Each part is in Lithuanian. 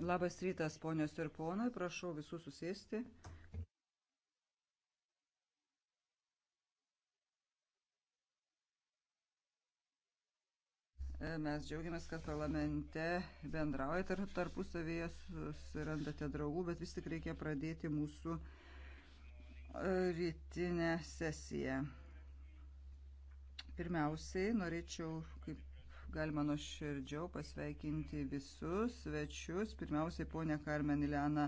Labas rytas, ponios ir ponai, prašau visų susėsti. E, mes džiaugiamės, kad parlamente bendraujate ir tarpusavėje susirandate draugų, bet vis tik reikia pradėti mūsų e, rytinę sesiją. Pirmiausiai norėčiau, kaip galima nuoširdžiau pasveikinti visus svečius. Pirmiausiai ponę Karmen Ileną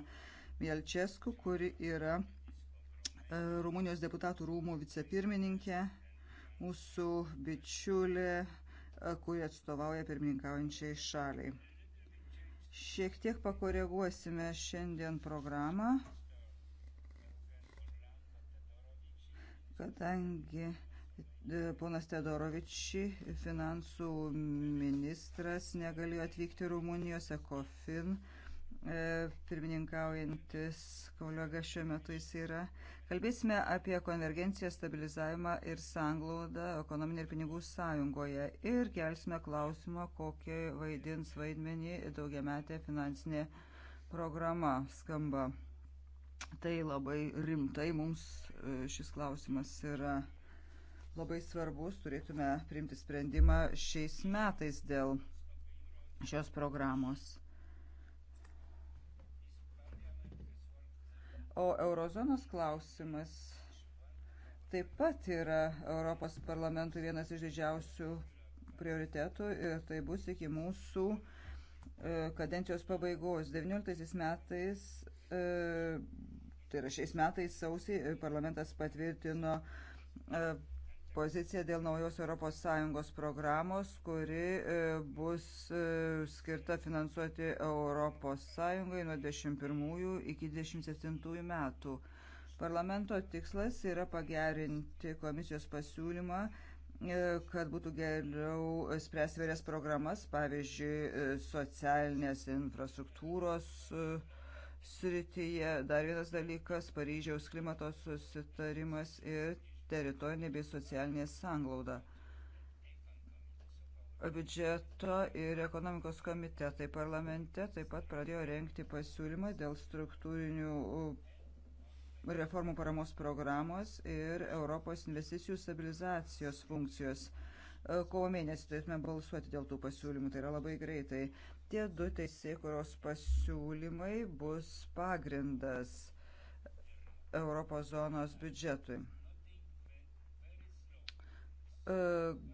Mielčesku, kuri yra e, Rumunijos deputatų rūmų vicepirmininkė, mūsų bičiulė, e, kuri atstovauja pirmininkaujančiai šaliai. Šiek tiek pakoreguosime šiandien programą, kadangi E, ponas Tedorovičiai, finansų ministras, negalėjo atvykti Rumunijos ECOFIN. E, pirmininkaujantis kolega šiuo metu jis yra. Kalbėsime apie konvergenciją, stabilizavimą ir sanglaudą ekonominė ir pinigų sąjungoje. Ir kelsime klausimą, kokį vaidins vaidmenį daugiametė finansinė programa skamba. Tai labai rimtai mums e, šis klausimas yra labai svarbus, turėtume priimti sprendimą šiais metais dėl šios programos. O eurozonos klausimas taip pat yra Europos parlamentų vienas iš didžiausių prioritetų ir tai bus iki mūsų e, kadencijos pabaigos. 19 metais, e, tai yra šiais metais sausiai, e, parlamentas patvirtino poziciją dėl naujos ES programos, kuri e, bus e, skirta finansuoti ES nuo 21 iki 27 metų. Parlamento tikslas yra pagerinti komisijos pasiūlymą e, kad būtų geriau spręsti vairias programas, pavyzdžiui, socialinės infrastruktūros srityje. Dar vienas dalykas - Paryžiaus klimato susitarimas ir teritorinė bei socialinė sanglauda. Biudžeto ir ekonomikos komitetai parlamente taip pat pradėjo renkti pasiūlymą dėl struktūrinių uh, reformų paramos programos ir Europos investicijų stabilizacijos funkcijos. Uh, kovo mėnesį turėtume balsuoti dėl tų pasiūlymų, tai yra labai greitai. Tie du teisėkuros pasiūlymai bus pagrindas Europos zonos biudžetui. E,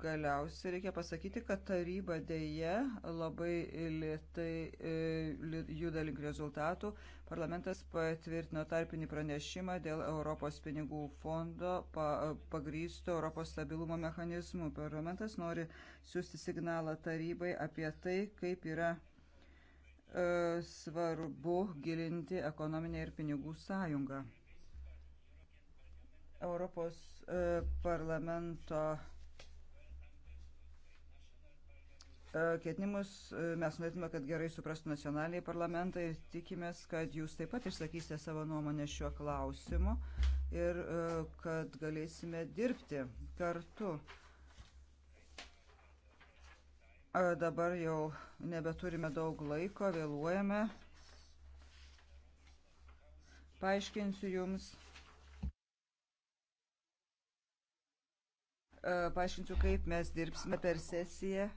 galiausiai reikia pasakyti, kad taryba dėje labai lietai e, juda link rezultatų. Parlamentas patvirtino tarpinį pranešimą dėl Europos pinigų fondo pagrysto Europos stabilumo mechanizmų. Parlamentas nori siūsti signalą tarybai apie tai, kaip yra e, svarbu gilinti ekonominę ir pinigų sąjungą. Europos parlamento E, ketinimus. E, mes norėtume, kad gerai suprastų nacionaliniai parlamentai ir tikimės, kad jūs taip pat išsakysite savo nuomonę šiuo klausimu ir e, kad galėsime dirbti kartu. Dabar jau nebeturime daug laiko, vėluojame. Paaiškinsiu jums. paaiškinsiu, kaip mes dirbsime per sesiją.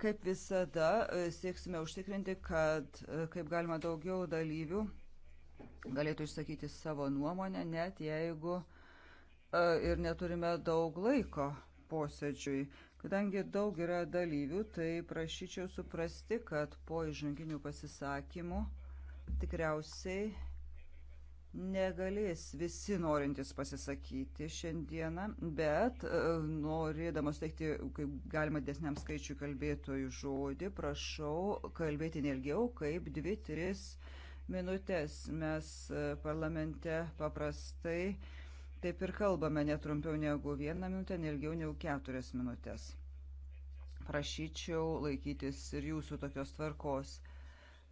Kaip visada, e, sieksime užtikrinti, kad e, kaip galima daugiau dalyvių galėtų išsakyti savo nuomonę, net jeigu e, ir neturime daug laiko posėdžiui. Kadangi daug yra dalyvių, tai prašyčiau suprasti, kad po įžanginių pasisakymų tikriausiai negalės visi norintys pasisakyti šiandieną, bet e, norėdamas teikti, kaip galima desniam skaičiui kalbėtojų žodį, prašau kalbėti nelgiau kaip 2-3 minutės. Mes e, parlamente paprastai taip ir kalbame netrumpiau negu vieną minutę, nelgiau negu keturias minutės. Prašyčiau laikytis ir jūsų tokios tvarkos.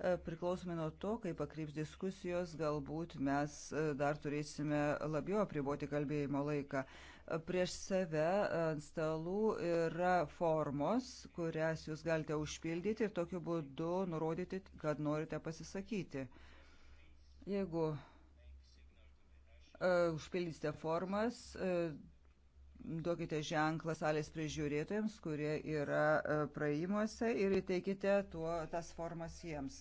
E, priklausomai nuo to, kaip pakryps diskusijos, galbūt mes e, dar turėsime labiau apriboti kalbėjimo laiką. E, prieš save ant stalų yra formos, kurias jūs galite užpildyti ir tokiu būdu nurodyti, kad norite pasisakyti. Jeigu uh, užpildysite formas, uh, duokite ženklą salės prižiūrėtojams, kurie yra e, praėjimuose ir įteikite tuo, tas formas jiems.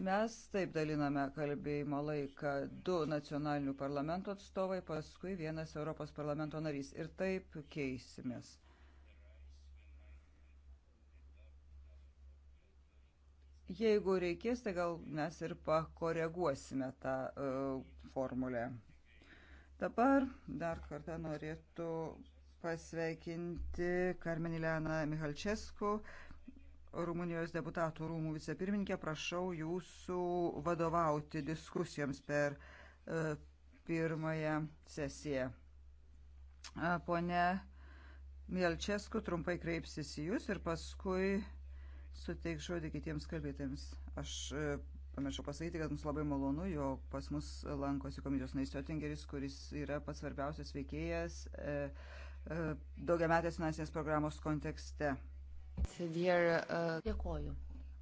Mes taip daliname kalbėjimo laiką du nacionalinių parlamento atstovai, paskui vienas Europos parlamento narys. Ir taip keisimės. Jeigu reikės, tai gal mes ir pakoreguosime tą uh, formulę. Dabar dar kartą norėtų pasveikinti Karmenileną Mihalčesku, Rumunijos deputatų rūmų vicepirmininkė. Prašau jūsų vadovauti diskusijoms per e, pirmąją sesiją. Pone Mielčesku trumpai kreipsis į jūs ir paskui suteiks žodį kitiems kalbėtėms. Aš e, Pamiršau pasakyti, kad mums labai malonu, jog pas mus lankosi komisijos narys Jotingeris, kuris yra pats svarbiausias veikėjas e, e, daugiametės finansinės programos kontekste. Uh, Dėkoju,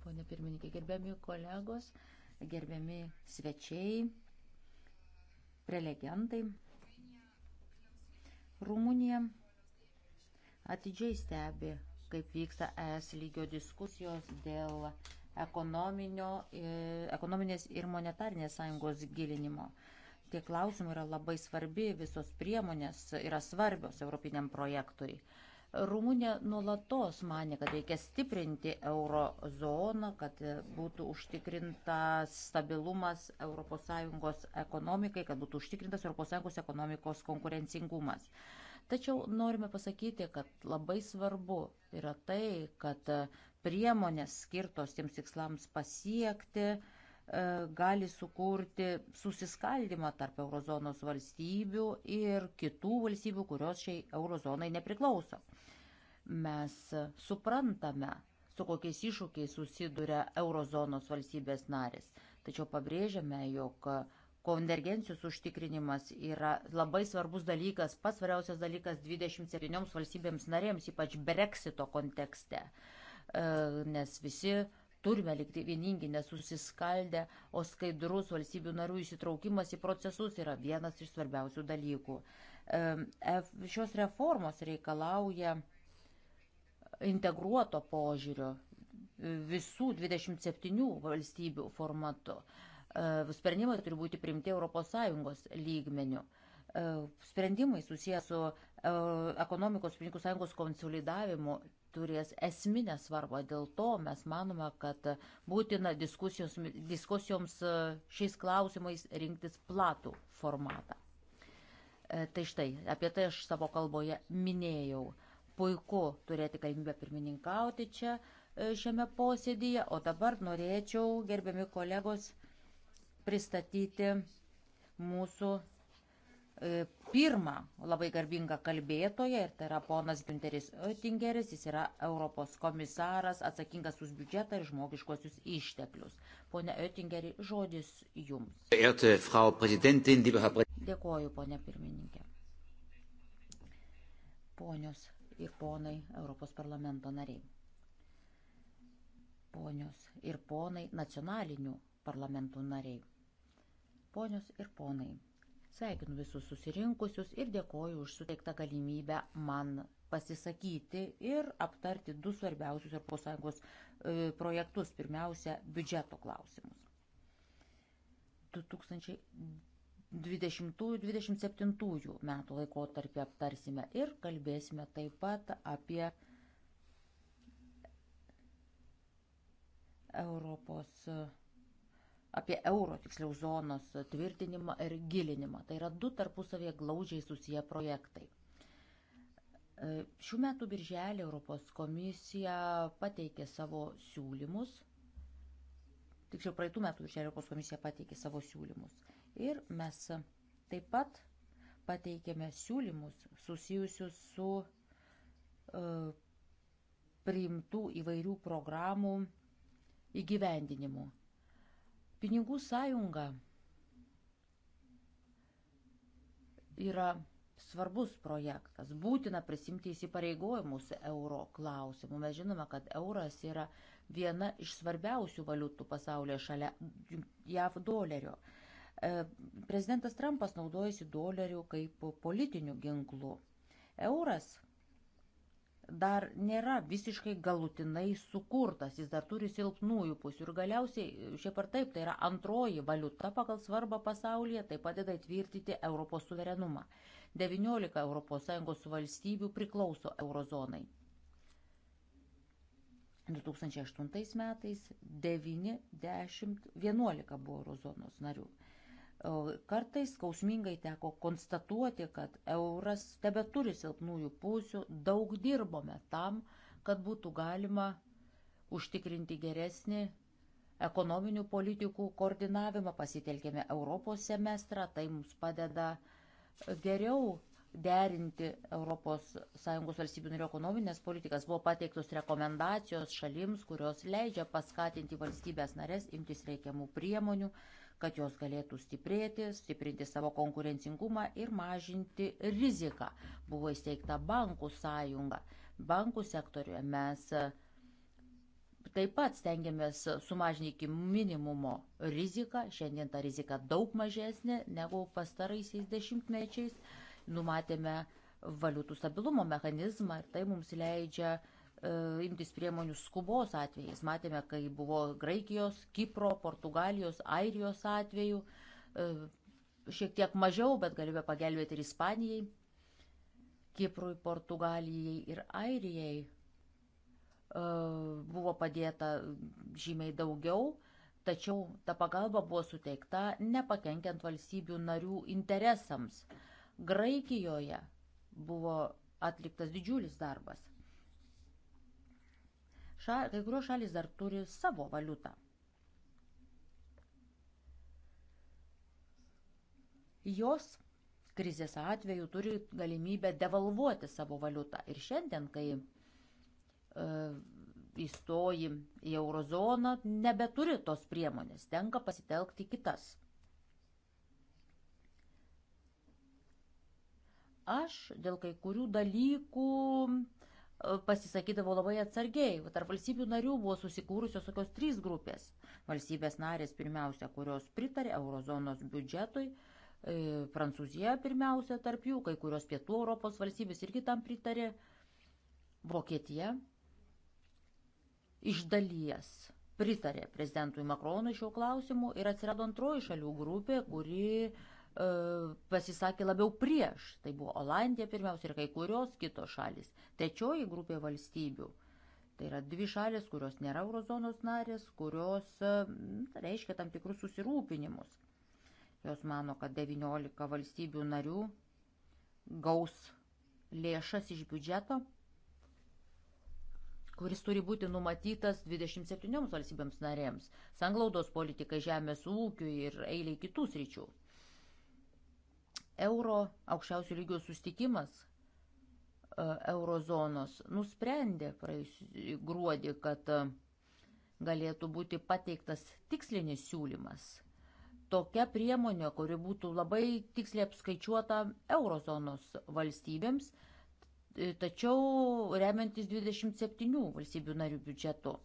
ponė pirmininkė, gerbiami kolegos, gerbiami svečiai, prelegentai. Rumunija atidžiai stebi, kaip vyksta ES lygio diskusijos dėl E, ekonominės ir monetarinės sąjungos gilinimo. Tie klausimai yra labai svarbi, visos priemonės yra svarbios europiniam projektui. Rumunija nuolatos mane, kad reikia stiprinti eurozoną, kad būtų užtikrintas stabilumas ES ekonomikai, kad būtų užtikrintas ES ekonomikos konkurencingumas. Tačiau norime pasakyti, kad labai svarbu yra tai, kad priemonės skirtos tiems tikslams pasiekti e, gali sukurti susiskaldimą tarp eurozonos valstybių ir kitų valstybių, kurios šiai eurozonai nepriklauso. Mes suprantame, su kokiais iššūkiais susiduria eurozonos valstybės narės. Tačiau pabrėžiame, jog konvergencijos užtikrinimas yra labai svarbus dalykas, pats svariausias dalykas 27 valstybėms narėms, ypač breksito kontekste. Uh, E, nes visi turime likti vieningi, nesusiskaldę, o skaidrus valstybių narių įsitraukimas į procesus yra vienas iš svarbiausių dalykų. E, šios reformos reikalauja integruoto požiūrio visų 27 valstybių formatu. E, sprendimai turi būti primti ES lygmeniu. Sprendimai susijęs su ekonomikos pinigų sąjungos konsolidavimu turės esminę svarbą. Dėl to mes manome, kad būtina diskusijoms, diskusijoms e, šiais klausimais rinktis platų formatą. E, tai štai, apie tai aš savo kalboje minėjau. Puiku turėti galimybę pirmininkauti čia e, šiame posėdyje, o dabar norėčiau, gerbiami kolegos, pristatyti mūsų E, pirmą labai garbingą kalbėtoją, ir tai yra ponas Günteris Oettingeris, jis yra Europos komisaras atsakingas už biudžetą ir žmogiškosius išteklius. Pone Oettingeri, žodis jums. Dėkoju, ponė pirmininkė. Ponios ir ponai Europos parlamento nariai. Ponios ir ponai nacionalinių parlamentų nariai. Ponios ir ponai. Sveikinu visus susirinkusius ir dėkoju už suteiktą galimybę man pasisakyti ir aptarti du svarbiausius Europos Sąjungos e, projektus. Pirmiausia, biudžeto klausimus. 2020-2027 metų laikotarpį aptarsime ir kalbėsime taip pat apie Europos apie euro tiksliau zonos tvirtinimą ir gilinimą. Tai yra du tarpusavėje glaudžiai susiję projektai. E, šių metų birželį Europos komisija pateikė savo siūlymus. Tiksliau, praeitų metų birželį Europos komisija pateikė savo siūlymus. Ir mes taip pat pateikėme siūlymus susijusius su uh, priimtų įvairių programų įgyvendinimu. Pinigų sąjunga yra svarbus projektas. Būtina prisimti įsipareigojimus euro klausimų. Mes žinome, kad euras yra viena iš svarbiausių valiutų pasaulyje šalia JAV dolerio. E, prezidentas Trumpas naudojasi doleriu kaip politiniu ginklu. Euras dar nėra visiškai galutinai sukurtas, jis dar turi silpnųjų pusių ir galiausiai šiaip ar taip tai yra antroji valiuta pagal svarbą pasaulyje, tai padeda įtvirtinti Europos suverenumą. 19 ES valstybių priklauso eurozonai. 2008 metais 9, 10, 11 buvo eurozonos narių. Kartais skausmingai teko konstatuoti, kad euras tebe turi silpnųjų pusių, daug dirbome tam, kad būtų galima užtikrinti geresnį ekonominių politikų koordinavimą, pasitelkėme Europos semestrą, tai mums padeda geriau derinti ES valstybių narių ekonominės politikas. Buvo pateiktos rekomendacijos šalims, kurios leidžia paskatinti valstybės narės imtis reikiamų priemonių kad jos galėtų stiprėti, stiprinti savo konkurencingumą ir mažinti riziką. Buvo įsteigta bankų sąjunga. Bankų sektoriuje mes e, taip pat stengiamės sumažinti iki minimumo riziką. Šiandien ta rizika daug mažesnė negu pastaraisiais dešimtmečiais. Numatėme valiutų stabilumo mechanizmą ir tai mums leidžia uh, E, imtis priemonių skubos atvejais. Matėme, kai buvo Graikijos, Kipro, Portugalijos, Airijos atveju, e, šiek tiek mažiau, bet galime pagelbėti ir Ispanijai, Kiprui, Portugalijai ir Airijai e, buvo padėta žymiai daugiau, tačiau ta pagalba buvo suteikta nepakenkiant valstybių narių interesams. Graikijoje buvo atliktas didžiulis darbas ša, kai kurios šalis dar turi savo valiutą. Jos krizės atveju turi galimybę devalvuoti savo valiutą. Ir šiandien, kai e, įstoji į eurozoną, nebeturi tos priemonės, tenka pasitelkti kitas. Aš dėl kai kurių dalykų E, pasisakydavo labai atsargiai. Tarp valstybių narių buvo susikūrusios tokios trys grupės. Valstybės narės pirmiausia, kurios pritarė eurozonos biudžetui, e, Prancūzija pirmiausia tarp jų, kai kurios pietų Europos valstybės irgi tam pritarė, Vokietija iš dalies pritarė prezidentui Makronui šio klausimu ir atsirado antroji šalių grupė, kuri uh, E, pasisakė labiau prieš. Tai buvo Olandija pirmiausia ir kai kurios kitos šalis. Trečioji grupė valstybių. Tai yra dvi šalis, kurios nėra eurozonos narės, kurios e, reiškia tam tikrus susirūpinimus. Jos mano, kad 19 valstybių narių gaus lėšas iš biudžeto, kuris turi būti numatytas 27 valstybėms narėms, sanglaudos politikai, žemės ūkiui ir eiliai kitų sričių. Euro aukščiausių lygių sustikimas e, eurozonos nusprendė praėjusį gruodį, kad e, galėtų būti pateiktas tikslinis siūlymas. Tokia priemonė, kuri būtų labai tiksliai apskaičiuota eurozonos valstybėms, tačiau remiantis 27 valstybių narių biudžetu.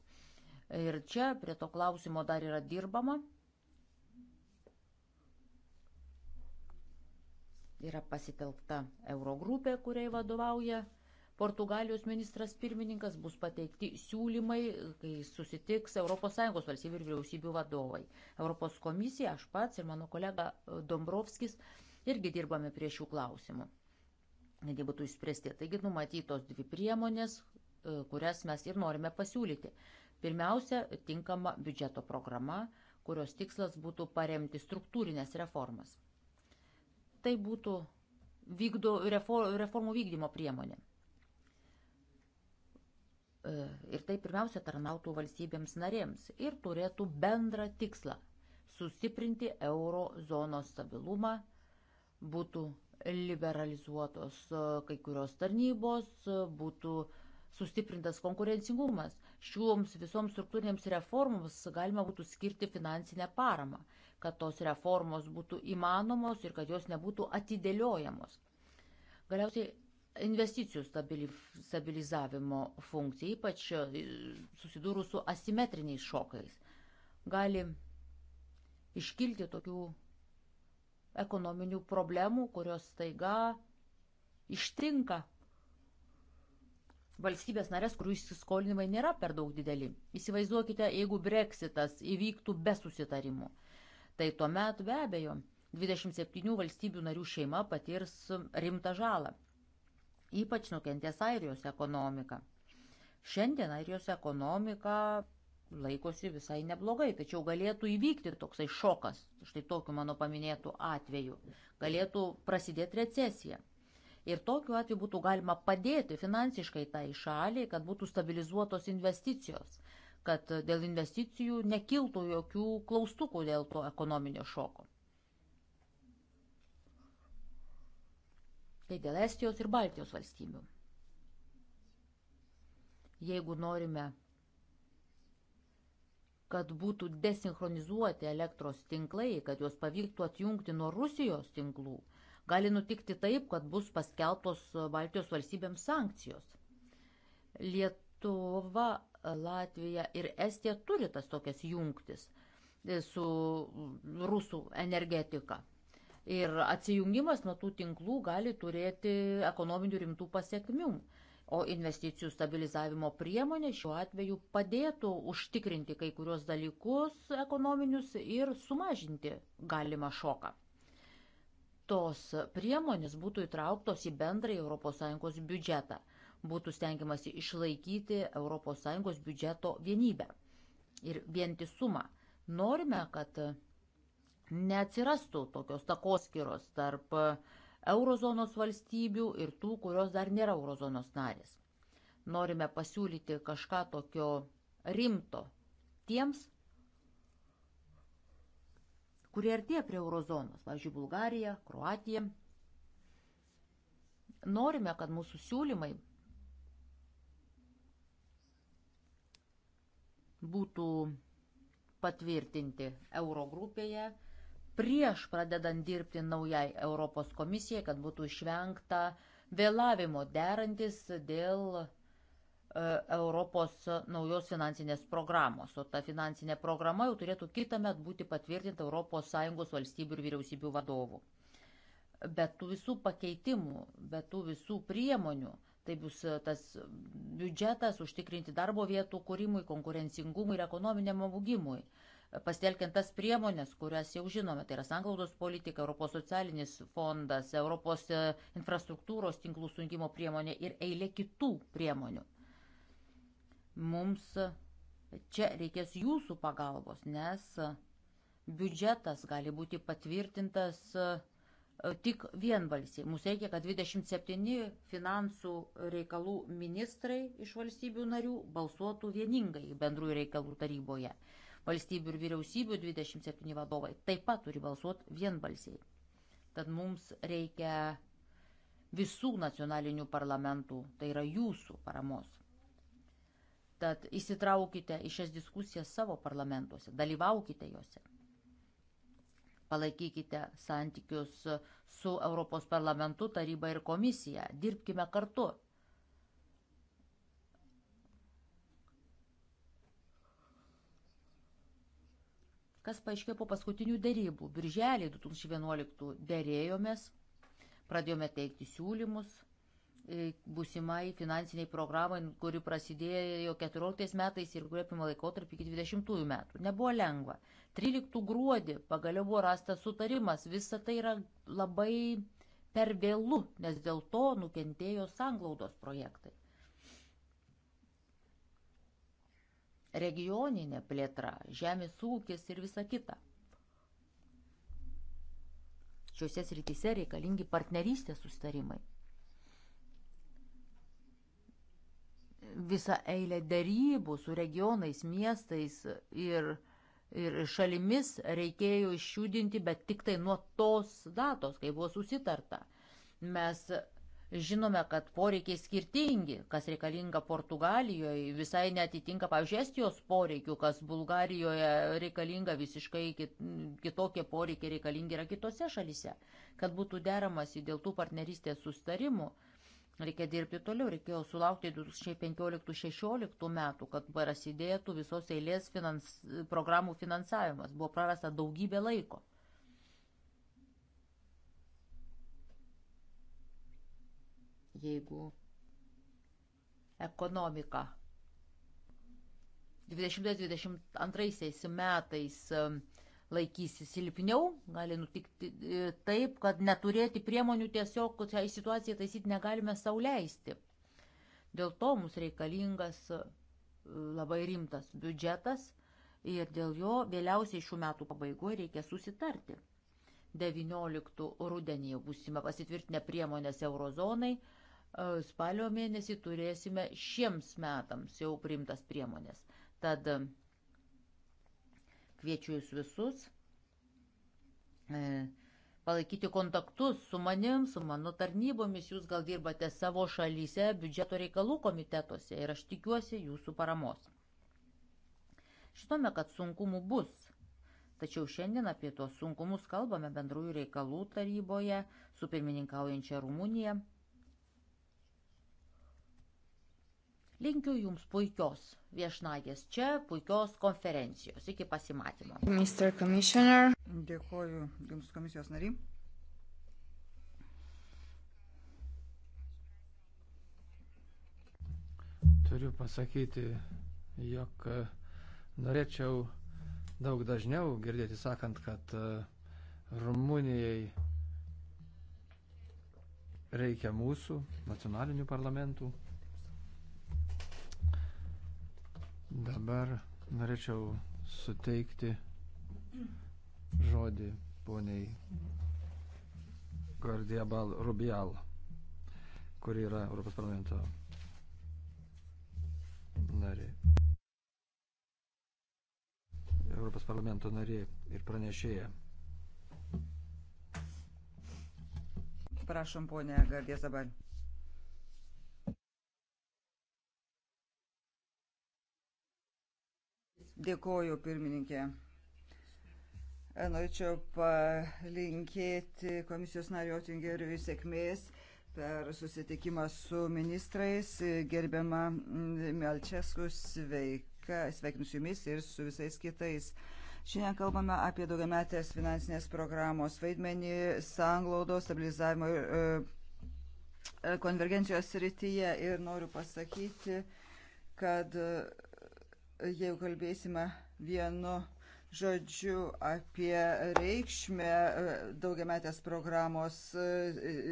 Ir čia prie to klausimo dar yra dirbama. Yra pasitelkta Eurogrupė, kuriai vadovauja Portugalijos ministras pirmininkas, bus pateikti siūlymai, kai susitiks ES valstybių ir vyriausybių vadovai. Europos komisija, aš pats ir mano kolega Dombrovskis irgi dirbame prie šių klausimų. Kad jie būtų išspręsti. Taigi numatytos dvi priemonės, e, kurias mes ir norime pasiūlyti. Pirmiausia, tinkama biudžeto programa, kurios tikslas būtų paremti struktūrinės reformas tai būtų vykdo, reformų vykdymo priemonė. E, ir tai pirmiausia tarnautų valstybėms narėms ir turėtų bendrą tikslą - sustiprinti euro zonos stabilumą, būtų liberalizuotos e, kai kurios tarnybos, e, būtų sustiprintas konkurencingumas. Šioms visoms struktūrinėms reformoms galima būtų skirti finansinę paramą kad tos reformos būtų įmanomos ir kad jos nebūtų atidėliojamos. Galiausiai investicijų stabilizavimo funkcija, ypač e, susidūrus su asimetriniais šokais, gali iškilti tokių ekonominių problemų, kurios staiga ištinka valstybės narės, kurių įsiskolinimai nėra per daug dideli. Įsivaizduokite, jeigu breksitas įvyktų be susitarimų tai tuomet be abejo 27 valstybių narių šeima patirs rimtą žalą. Ypač nukentės Airijos ekonomika. Šiandien Airijos ekonomika laikosi visai neblogai, tačiau galėtų įvykti toksai šokas, štai tokiu mano paminėtų atveju, galėtų prasidėti recesija. Ir tokiu atveju būtų galima padėti finansiškai tai šaliai, kad būtų stabilizuotos investicijos, kad dėl investicijų nekiltų jokių klaustukų dėl to ekonominio šoko. Tai dėl Estijos ir Baltijos valstybių. Jeigu norime, kad būtų desinkronizuoti elektros tinklai, kad juos pavyktų atjungti nuo Rusijos tinklų, gali nutikti taip, kad bus paskelbtos Baltijos valstybėms sankcijos. Lietuva Latvija ir Estija turi tas tokias jungtis e, su rusų energetika. Ir atsijungimas nuo tų tinklų gali turėti ekonominių rimtų pasiekmių. O investicijų stabilizavimo priemonė šiuo atveju padėtų užtikrinti kai kurios dalykus ekonominius ir sumažinti galimą šoką. Tos priemonės būtų įtrauktos į bendrąjį ES biudžetą būtų stengiamasi išlaikyti ES biudžeto vienybę ir vientisumą. Norime, kad neatsirastų tokios takoskiros tarp eurozonos valstybių ir tų, kurios dar nėra eurozonos narės. Norime pasiūlyti kažką tokio rimto tiems, kurie artėja prie eurozonos, pavyzdžiui, Bulgarija, Kroatija. Norime, kad mūsų siūlymai būtų patvirtinti Eurogrupėje prieš pradedant dirbti naujai Europos komisijai, kad būtų išvengta vėlavimo derantis dėl e, Europos naujos finansinės programos. O ta finansinė programa jau turėtų kitą metą būti patvirtinta ES valstybių ir vyriausybių vadovų. Bet tų visų pakeitimų, bet tų visų priemonių, Tai bus e, tas biudžetas užtikrinti darbo vietų kūrimui, konkurencingumui ir ekonominiam augimui. E, Pastelkiant tas priemonės, kurias jau žinome, tai yra sanglaudos politika, Europos socialinis fondas, Europos e, infrastruktūros tinklų sujungimo priemonė ir eilė kitų priemonių. Mums čia reikės jūsų pagalbos, nes biudžetas gali būti patvirtintas E, tik vienbalsiai. Mums reikia, kad 27 finansų reikalų ministrai iš valstybių narių balsuotų vieningai bendrųjų reikalų taryboje. Valstybių ir vyriausybių 27 vadovai taip pat turi balsuoti vienbalsiai. Tad mums reikia visų nacionalinių parlamentų, tai yra jūsų paramos. Tad įsitraukite į šias diskusijas savo parlamentuose, dalyvaukite juose. Palaikykite santykius su Europos parlamentu, taryba ir komisija. Dirbkime kartu. Kas paaiškėjo po paskutinių dėrybų? Birželį 2011 dėrėjomės, pradėjome teikti siūlymus būsimai finansiniai programai, kuri prasidėjo 14 metais ir kuri apima laikotarpį iki 20 metų. Nebuvo lengva. 13 gruodį pagaliau buvo rastas sutarimas. Visa tai yra labai per vėlų, nes dėl to nukentėjo sanglaudos projektai. Regioninė plėtra, žemės ūkis ir visa kita. Šiuose srityse reikalingi partnerystės sustarimai. visą eilę dėrybų su regionais, miestais ir, ir šalimis reikėjo išjudinti, bet tik tai nuo tos datos, kai buvo susitarta. Mes žinome, kad poreikiai skirtingi, kas reikalinga Portugalijoje visai netitinka, pavyzdžiui, Estijos poreikių, kas Bulgarijoje reikalinga visiškai kitokie poreikiai reikalingi yra kitose šalise, kad būtų deramasi dėl tų partnerystės sustarimų. Reikia dirbti toliau, reikėjo sulaukti 2015-2016 metų, kad prasidėtų visos eilės finans, programų finansavimas. Buvo prarasta daugybė laiko. Jeigu ekonomika 2022 metais um, laikysis silpniau, gali nutikti e, taip, kad neturėti priemonių tiesiog šiai situacijai taisyti negalime sauliaisti. Dėl to mums reikalingas e, labai rimtas biudžetas ir dėl jo vėliausiai šių metų pabaigoje reikia susitarti. 19 rudenį jau būsime pasitvirtinę priemonės eurozonai, e, spalio mėnesį turėsime šiems metams jau priimtas priemonės. Tad Kviečiu jūs visus e, palaikyti kontaktus su manim, su mano tarnybomis. Jūs gal dirbate savo šalyse, biudžeto reikalų komitetuose ir aš tikiuosi jūsų paramos. Žinome, kad sunkumų bus, tačiau šiandien apie tuos sunkumus kalbame bendrųjų reikalų taryboje su pirmininkaujančia Rumunija. Linkiu Jums puikios viešnagės čia, puikios konferencijos. Iki pasimatymo. Mr. Commissioner. Dėkuoju Jums komisijos nariai. Turiu pasakyti, jog e, norėčiau daug dažniau girdėti sakant, kad e, Rumunijai reikia mūsų nacionalinių parlamentų. Dabar norėčiau suteikti žodį poniai Gardiabal Rubial, kuri yra Europos parlamento narė. Europos parlamento narė ir pranešėja. Prašom, ponė Gardiazabal. Dėkoju, pirmininkė. E, norėčiau palinkėti komisijos nario Tingeriui sėkmės per susitikimą su ministrais. Gerbiama Melčesku, sveika, sveikinu su jumis ir su visais kitais. Šiandien kalbame apie daugiametės finansinės programos vaidmenį, sanglaudo, stabilizavimo ir e, e, konvergencijos srityje ir noriu pasakyti, kad jeigu kalbėsime vienu žodžiu apie reikšmę e, daugiametės programos e,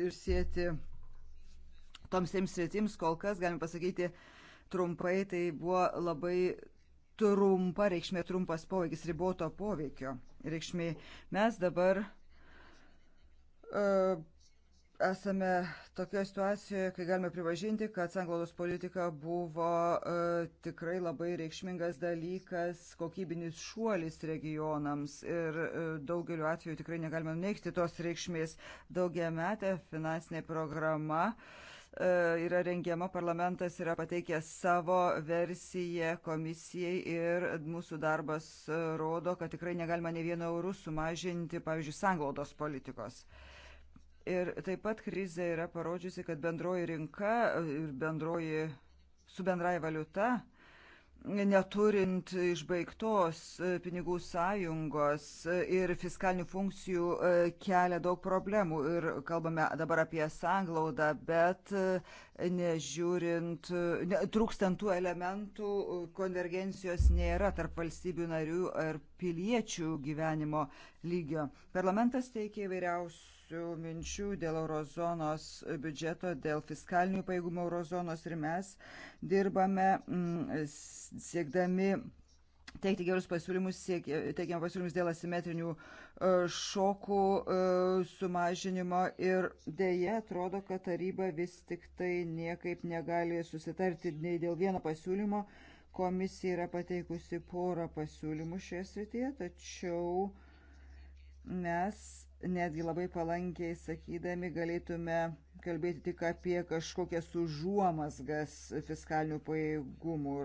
ir sėti toms trims sritims, kol kas, galim pasakyti, trumpai tai buvo labai trumpa reikšmė, trumpas poveikis, riboto poveikio reikšmė. Mes dabar uh, esame tokioje situacijoje, kai galime pripažinti, kad sanglaudos politika buvo e, tikrai labai reikšmingas dalykas, kokybinis šuolis regionams ir e, daugeliu atveju tikrai negalime neikti tos reikšmės. Daugia metė finansinė programa e, yra rengiama, parlamentas yra pateikęs savo versiją komisijai ir mūsų darbas e, rodo, kad tikrai negalima ne vieno eurų sumažinti, pavyzdžiui, sanglaudos politikos. E, Ir taip pat krizė yra parodžiusi, kad bendroji rinka e, ir bendroji su bendrai valiuta, neturint išbaigtos e, pinigų sąjungos e, ir fiskalinių funkcijų, kelia daug problemų. Ir kalbame dabar apie sanglaudą, bet nežiūrint, ne, trūkstant tų elementų, konvergencijos nėra tarp valstybių narių ar piliečių gyvenimo lygio. Parlamentas teikia įvairiausių įvairiausių minčių dėl eurozonos biudžeto, dėl fiskalinių pajėgumų eurozonos ir mes dirbame mm, siekdami teikti gerus pasiūlymus, teikiam pasiūlymus dėl asimetrinių e, šokų e, sumažinimo ir dėje atrodo, kad taryba vis tik tai niekaip negali susitarti nei dėl vieno pasiūlymo. Komisija yra pateikusi porą pasiūlymų šioje srityje, tačiau mes netgi labai palankiai sakydami galėtume kalbėti tik apie kažkokias užuomasgas fiskalinių pajėgumų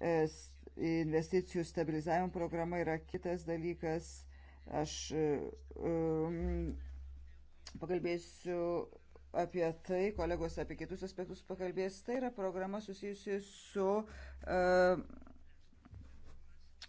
ES. Investicijų stabilizavimo programa yra kitas dalykas. Aš um, pakalbėsiu apie tai, kolegos apie kitus aspektus pakalbės. Tai yra programa susijusi su uh, um,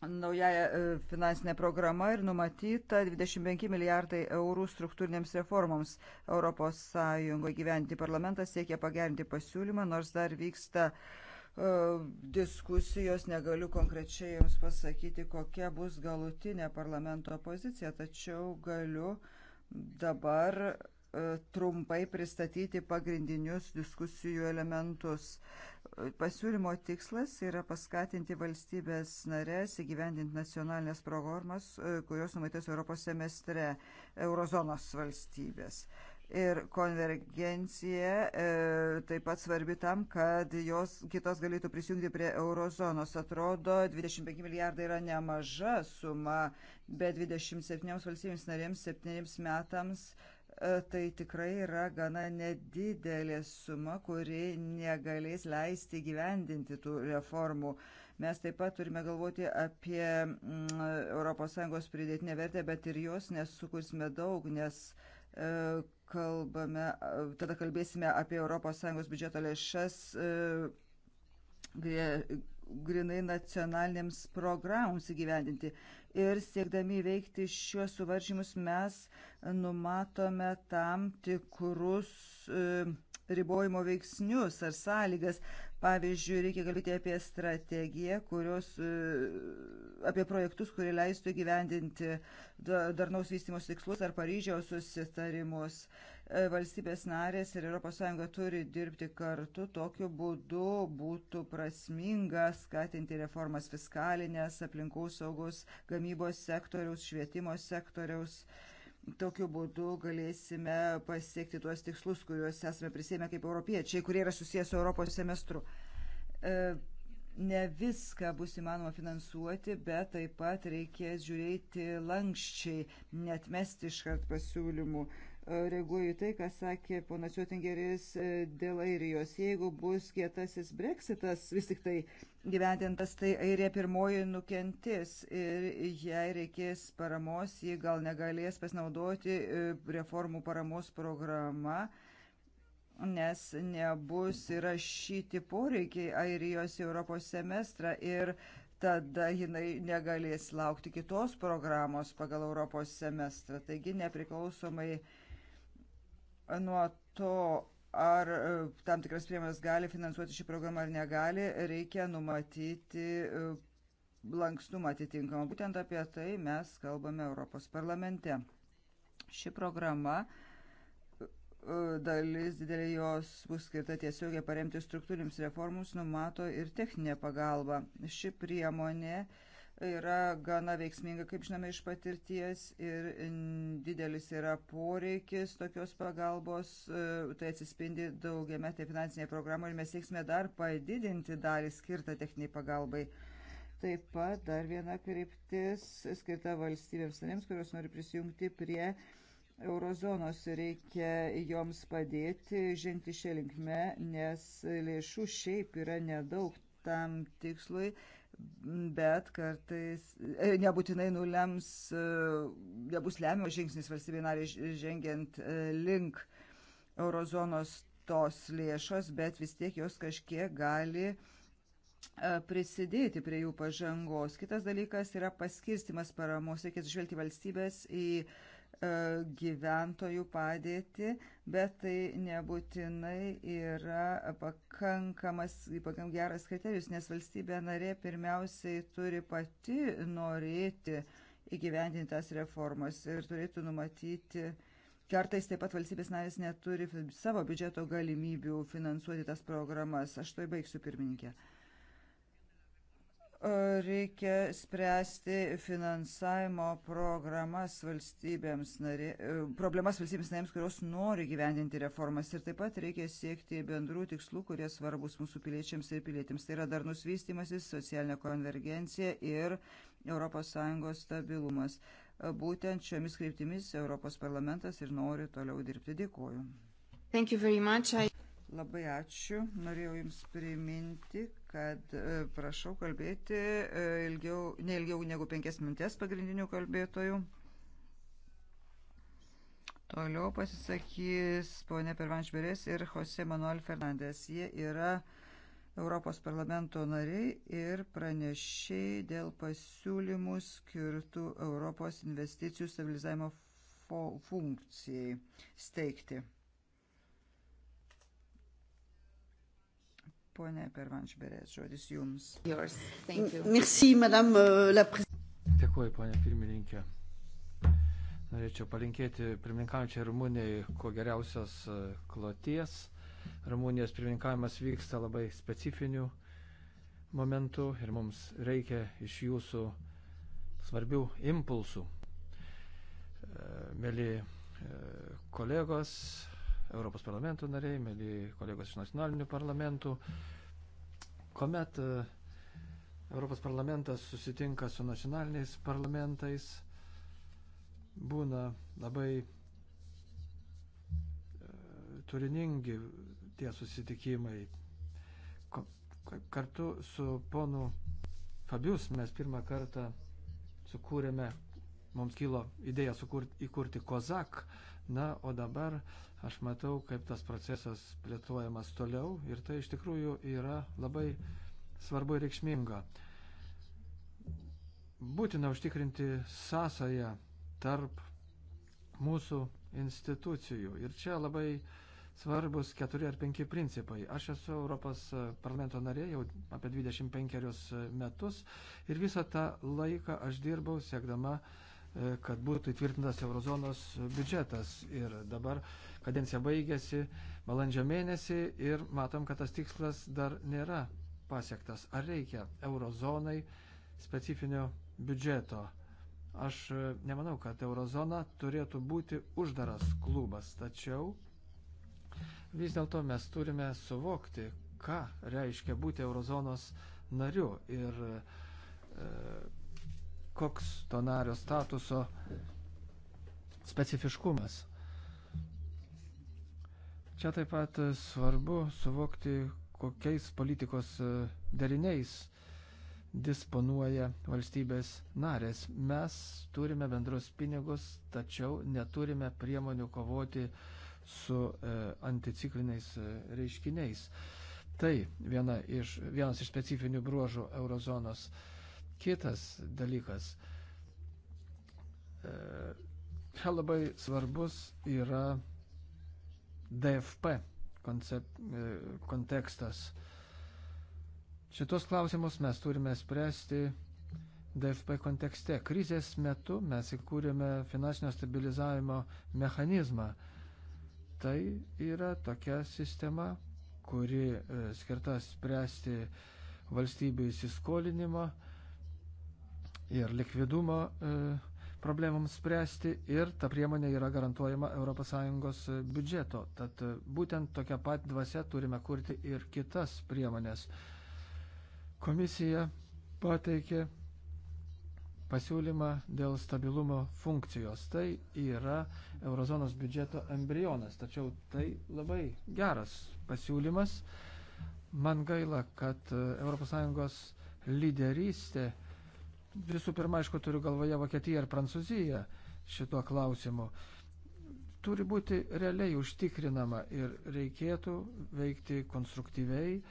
naująją e, finansinę programą ir numatyta 25 milijardai eurų struktūrinėms reformoms Europos Sąjungoje gyventi. Parlamentas siekia pagerinti pasiūlymą, nors dar vyksta uh, diskusijos, negaliu konkrečiai Jums pasakyti, kokia bus galutinė parlamento pozicija, tačiau galiu dabar E, trumpai pristatyti pagrindinius diskusijų elementus. E, pasiūlymo tikslas yra paskatinti valstybės narės įgyvendinti nacionalinės programas, e, kurios numatytos Europos semestre eurozonos valstybės. Ir konvergencija e, taip pat svarbi tam, kad jos kitos galėtų prisijungti prie eurozonos. Atrodo, 25 milijardai yra nemaža suma, bet 27 valstybėms narėms 7 metams e, E, tai tikrai yra gana nedidelė suma, kuri negalės leisti gyvendinti tų reformų. Mes taip pat turime galvoti apie mm, ES pridėtinę vertę, bet ir jos nesukursime daug, nes e, kalbame, tada kalbėsime apie ES biudžeto lėšas e, grinai nacionalinėms programoms įgyvendinti ir siekdami įveikti šiuos suvaržymus mes numatome tam tikrus e, ribojimo veiksnius ar sąlygas. Pavyzdžiui, reikia kalbėti apie strategiją, kurios, e, apie projektus, kurie leistų gyvendinti darnaus vystimos tikslus ar Paryžiaus susitarimus. Uh, E, valstybės narės ir ES turi dirbti kartu, tokiu būdu būtų prasminga skatinti reformas fiskalinės, aplinkos saugus, gamybos sektoriaus, švietimo sektoriaus. Tokiu būdu galėsime pasiekti tuos tikslus, kuriuos esame prisėmę kaip europiečiai, kurie yra susijęs su Europos semestru. E, ne viską bus įmanoma finansuoti, bet taip pat reikės žiūrėti lankščiai, netmesti iškart pasiūlymų reaguoju tai, ką sakė ponas Jotingeris e, dėl Airijos. Jeigu bus kietasis breksitas vis tik tai gyventintas, tai Airija pirmoji nukentės ir jai reikės paramos, ji gal negalės pasinaudoti e, reformų paramos programą nes nebus įrašyti poreikiai Airijos Europos semestrą ir tada jinai negalės laukti kitos programos pagal Europos semestrą. Taigi nepriklausomai uh, nuo to, ar e, tam tikras priemonės gali finansuoti šį programą ar negali, reikia numatyti e, lankstumą atitinkamą. Būtent apie tai mes kalbame Europos parlamente. Ši programa e, dalis didelė jos bus skirta tiesiogiai paremti struktūrims reformus, numato ir techninė pagalba. Ši priemonė uh, yra gana veiksminga, kaip žinome, iš patirties ir didelis yra poreikis tokios pagalbos, e, tai atsispindi daugiametė finansinėje programoje ir mes sieksime dar padidinti dalį skirtą techniniai pagalbai. Taip pat dar viena kryptis skirta valstybėms narėms, kurios nori prisijungti prie eurozonos reikia joms padėti žengti šią linkmę, nes lėšų šiaip yra nedaug tam tikslui bet kartais e, nebūtinai nulems, e, nebus lemio žingsnis valstybė nariai žengiant e, link eurozonos tos lėšos, bet vis tiek jos kažkiek gali prisidėti prie jų pažangos. Kitas dalykas yra paskirstimas paramos. Reikia atsižvelgti valstybės į uh, E, gyventojų padėtį, bet tai nebūtinai yra pakankamas, pakankamai geras kriterijus, nes valstybė narė pirmiausiai turi pati norėti įgyvendinti tas reformas ir turėtų numatyti. Kartais taip pat valstybės narės neturi savo biudžeto galimybių finansuoti tas programas. Aš to įbaigsiu pirmininkė reikia spręsti finansavimo programas valstybėms narė, e, problemas valstybėms narėms, kurios nori gyvendinti reformas ir taip pat reikia siekti bendrų tikslų, kurie svarbus mūsų piliečiams ir pilietėms. Tai yra darnus vystimasis, socialinė konvergencija ir ES stabilumas. E, būtent šiomis kryptimis Europos parlamentas ir nori toliau dirbti. Dėkuoju. I... Labai ačiū. Norėjau Jums priminti, kad e, prašau kalbėti e, ilgiau, ne ilgiau negu penkias minutės pagrindinių kalbėtojų. Toliau pasisakys ponė Pervanšberės ir Jose Manuel Fernandės. Jie yra Europos parlamento nariai ir pranešiai dėl pasiūlymų skirtų Europos investicijų stabilizavimo funkcijai steigti. Pone Pervanšberės, žodis jums. Merci, madame euh, la prezidentė. Dėkuoju, ponė pirmininkė. Norėčiau palinkėti pirmininkaujančiai Rumunijai kuo geriausios e, kloties. Rumunijos pirmininkavimas vyksta labai specifiniu momentu ir mums reikia iš jūsų svarbių impulsų. E, mėly e, kolegos, Europos parlamento nariai, mėly kolegos iš nacionalinių parlamentų. Komet e, Europos parlamentas susitinka su nacionaliniais parlamentais, būna labai e, turiningi tie susitikimai. Kartu su ponu Fabius mes pirmą kartą sukūrėme, mums kilo idėja sukurti, įkurti Kozak Na, o dabar aš matau, kaip tas procesas plėtojamas toliau ir tai iš tikrųjų yra labai svarbu ir reikšminga. Būtina užtikrinti sąsąją tarp mūsų institucijų. Ir čia labai svarbus keturi ar penki principai. Aš esu Europos parlamento narė jau apie 25 metus ir visą tą laiką aš dirbau siekdama uh, E, kad būtų įtvirtintas eurozonos biudžetas. Ir dabar kadencija baigėsi balandžio mėnesį ir matom, kad tas tikslas dar nėra pasiektas. Ar reikia eurozonai specifinio biudžeto? Aš e, nemanau, kad eurozona turėtų būti uždaras klubas, tačiau vis dėlto mes turime suvokti, ką reiškia būti eurozonos nariu ir e, koks to nario statuso specifiškumas. Čia taip pat e, svarbu suvokti, kokiais politikos e, deriniais disponuoja valstybės narės. Mes turime bendrus pinigus, tačiau neturime priemonių kovoti su e, anticikliniais reiškiniais. Tai viena iš, vienas iš specifinių bruožų eurozonos. E, Kitas dalykas. E, čia labai svarbus yra DFP koncept, e, kontekstas. Šitos klausimus mes turime spręsti DFP kontekste. Krizės metu mes įkūrėme finansinio stabilizavimo mechanizmą. Tai yra tokia sistema, kuri e, skirta spręsti valstybių įsiskolinimo ir likvidumo e, problemams spręsti ir ta priemonė yra garantuojama ES biudžeto. Tad e, būtent tokia pat dvasia turime kurti ir kitas priemonės. Komisija pateikė pasiūlymą dėl stabilumo funkcijos. Tai yra eurozonos biudžeto embrionas, tačiau tai labai geras pasiūlymas. Man gaila, kad e, ES lyderystė visų pirma, aišku, turiu galvoje Vokietiją ir Prancūziją šituo klausimu. Turi būti realiai užtikrinama ir reikėtų veikti konstruktyviai,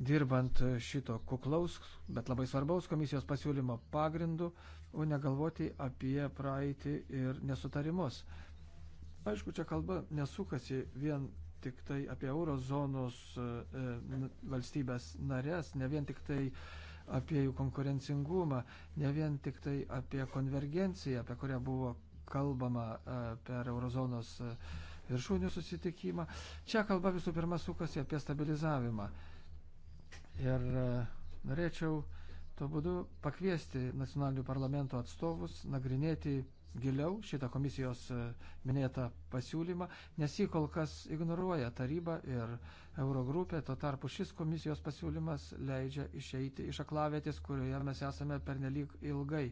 dirbant šito kuklaus, bet labai svarbaus komisijos pasiūlymo pagrindu, o negalvoti apie praeitį ir nesutarimus. Aišku, čia kalba nesukasi vien tik tai apie eurozonos e, valstybės narės, ne vien tik tai e, apie jų konkurencingumą, ne vien tik tai apie konvergenciją, apie kurią buvo kalbama e, per eurozonos e, viršūnių susitikimą. Čia kalba visų pirma sukasi apie stabilizavimą. Ir e, norėčiau tuo būdu pakviesti nacionalinių parlamento atstovus nagrinėti giliau šitą komisijos e, minėtą pasiūlymą, nes jį kol kas ignoruoja taryba ir Eurogrupė, tuo tarpu šis komisijos pasiūlymas leidžia išeiti iš aklavėtės, kurioje mes esame pernelyg ilgai.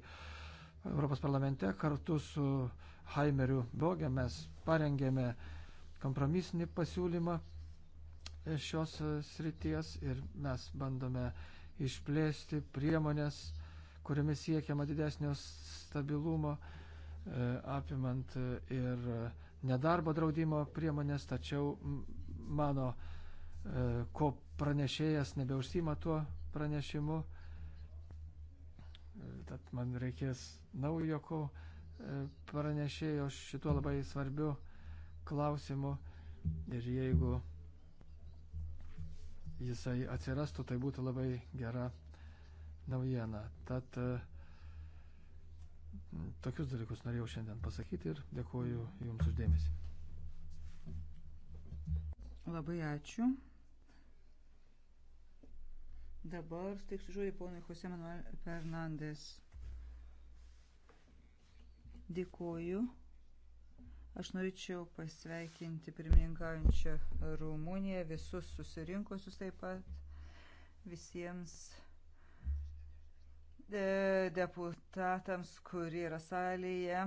Europos parlamente kartu su Haimeriu Bogė mes parengėme kompromisinį pasiūlymą e, šios e, srities ir mes bandome išplėsti priemonės, kuriomis siekiama didesnio stabilumo E, apimant ir nedarbo draudimo priemonės, tačiau mano, e, ko pranešėjas nebeužsima tuo pranešimu, e, tad man reikės naujo, ko pranešėjo šituo labai svarbiu klausimu ir jeigu jisai atsirastų, tai būtų labai gera naujiena. Tad uh, Tokius dalykus norėjau šiandien pasakyti ir dėkuoju Jums uždėmesi. Labai ačiū. Dabar steiksiu žodį ponui Jose Manuel Fernandes. Dėkuoju. Aš norėčiau pasveikinti pirmininkaujančią Rumuniją, visus susirinkusius taip pat, visiems deputatams, kurie yra salėje.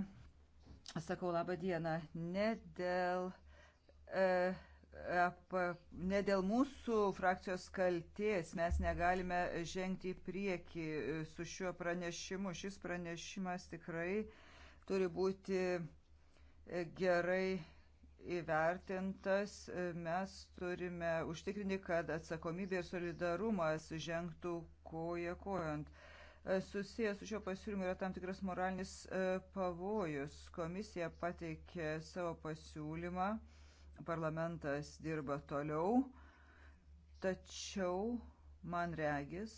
Sakau labą dieną. Ne dėl, e, ne dėl mūsų frakcijos kalties mes negalime žengti į priekį su šiuo pranešimu. Šis pranešimas tikrai turi būti e, gerai įvertintas, mes turime užtikrinti, kad atsakomybė ir solidarumas žengtų koja kojant. Susijęs su šio pasiūlymu yra tam tikras moralinis e, pavojus. Komisija pateikė savo pasiūlymą, parlamentas dirba toliau, tačiau man regis,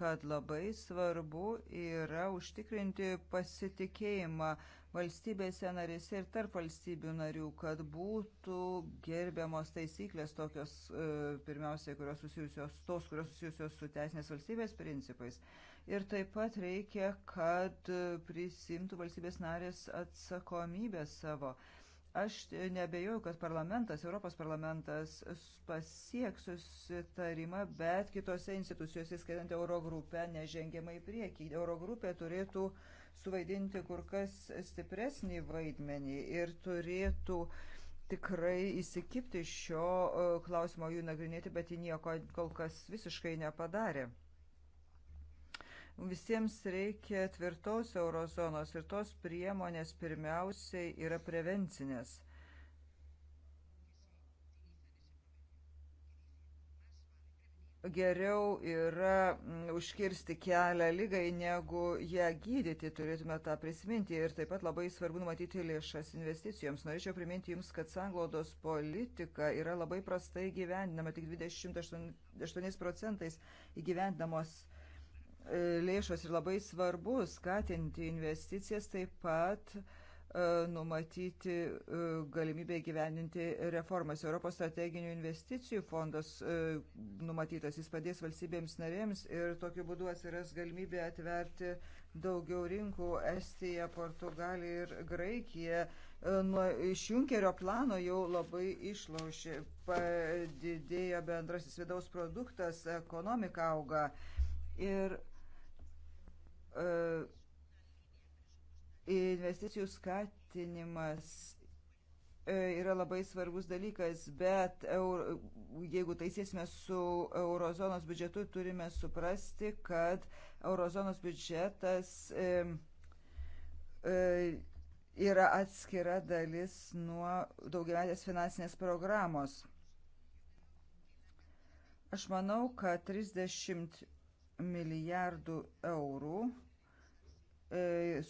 kad labai svarbu yra užtikrinti pasitikėjimą valstybėse narėse ir tarp valstybių narių, kad būtų gerbiamos taisyklės tokios, e, pirmiausiai, kurios susijusios, tos, kurios susijusios su teisinės valstybės principais ir taip pat reikia, kad prisimtų valstybės narės atsakomybę savo. Aš nebejoju, kad parlamentas, Europos parlamentas pasieks susitarimą, bet kitose institucijose, skaitant Eurogrupę, nežengiama į priekį. Eurogrupė turėtų suvaidinti kur kas stipresnį vaidmenį ir turėtų tikrai įsikipti šio e, klausimo jų nagrinėti, bet ji nieko kol kas visiškai nepadarė. Visiems reikia tvirtos eurozonos ir tos priemonės pirmiausiai yra prevencinės. Geriau yra mm, užkirsti kelią lygai, negu ją gydyti, turėtume tą prisiminti. Ir taip pat labai svarbu numatyti lėšas investicijoms. Norėčiau priminti Jums, kad sanglaudos politika yra labai prastai gyvendinama, tik 28 procentais įgyvendinamos lėšos ir labai svarbu skatinti investicijas taip pat e, numatyti e, galimybę gyveninti reformas. Europos strateginių investicijų fondas e, numatytas, jis padės valstybėms narėms ir tokiu būdu atsiras galimybė atverti daugiau rinkų Estija, Portugalija ir Graikija. Nuo iš Junkerio plano jau labai išlaušė, padidėjo bendrasis vidaus produktas, ekonomika auga. Ir E, investicijų skatinimas e, yra labai svarbus dalykas, bet euro, jeigu taisėsime su eurozonos biudžetu, turime suprasti, kad eurozonos biudžetas e, e, yra atskira dalis nuo daugiametės finansinės programos. Aš manau, kad 30 milijardų eurų e,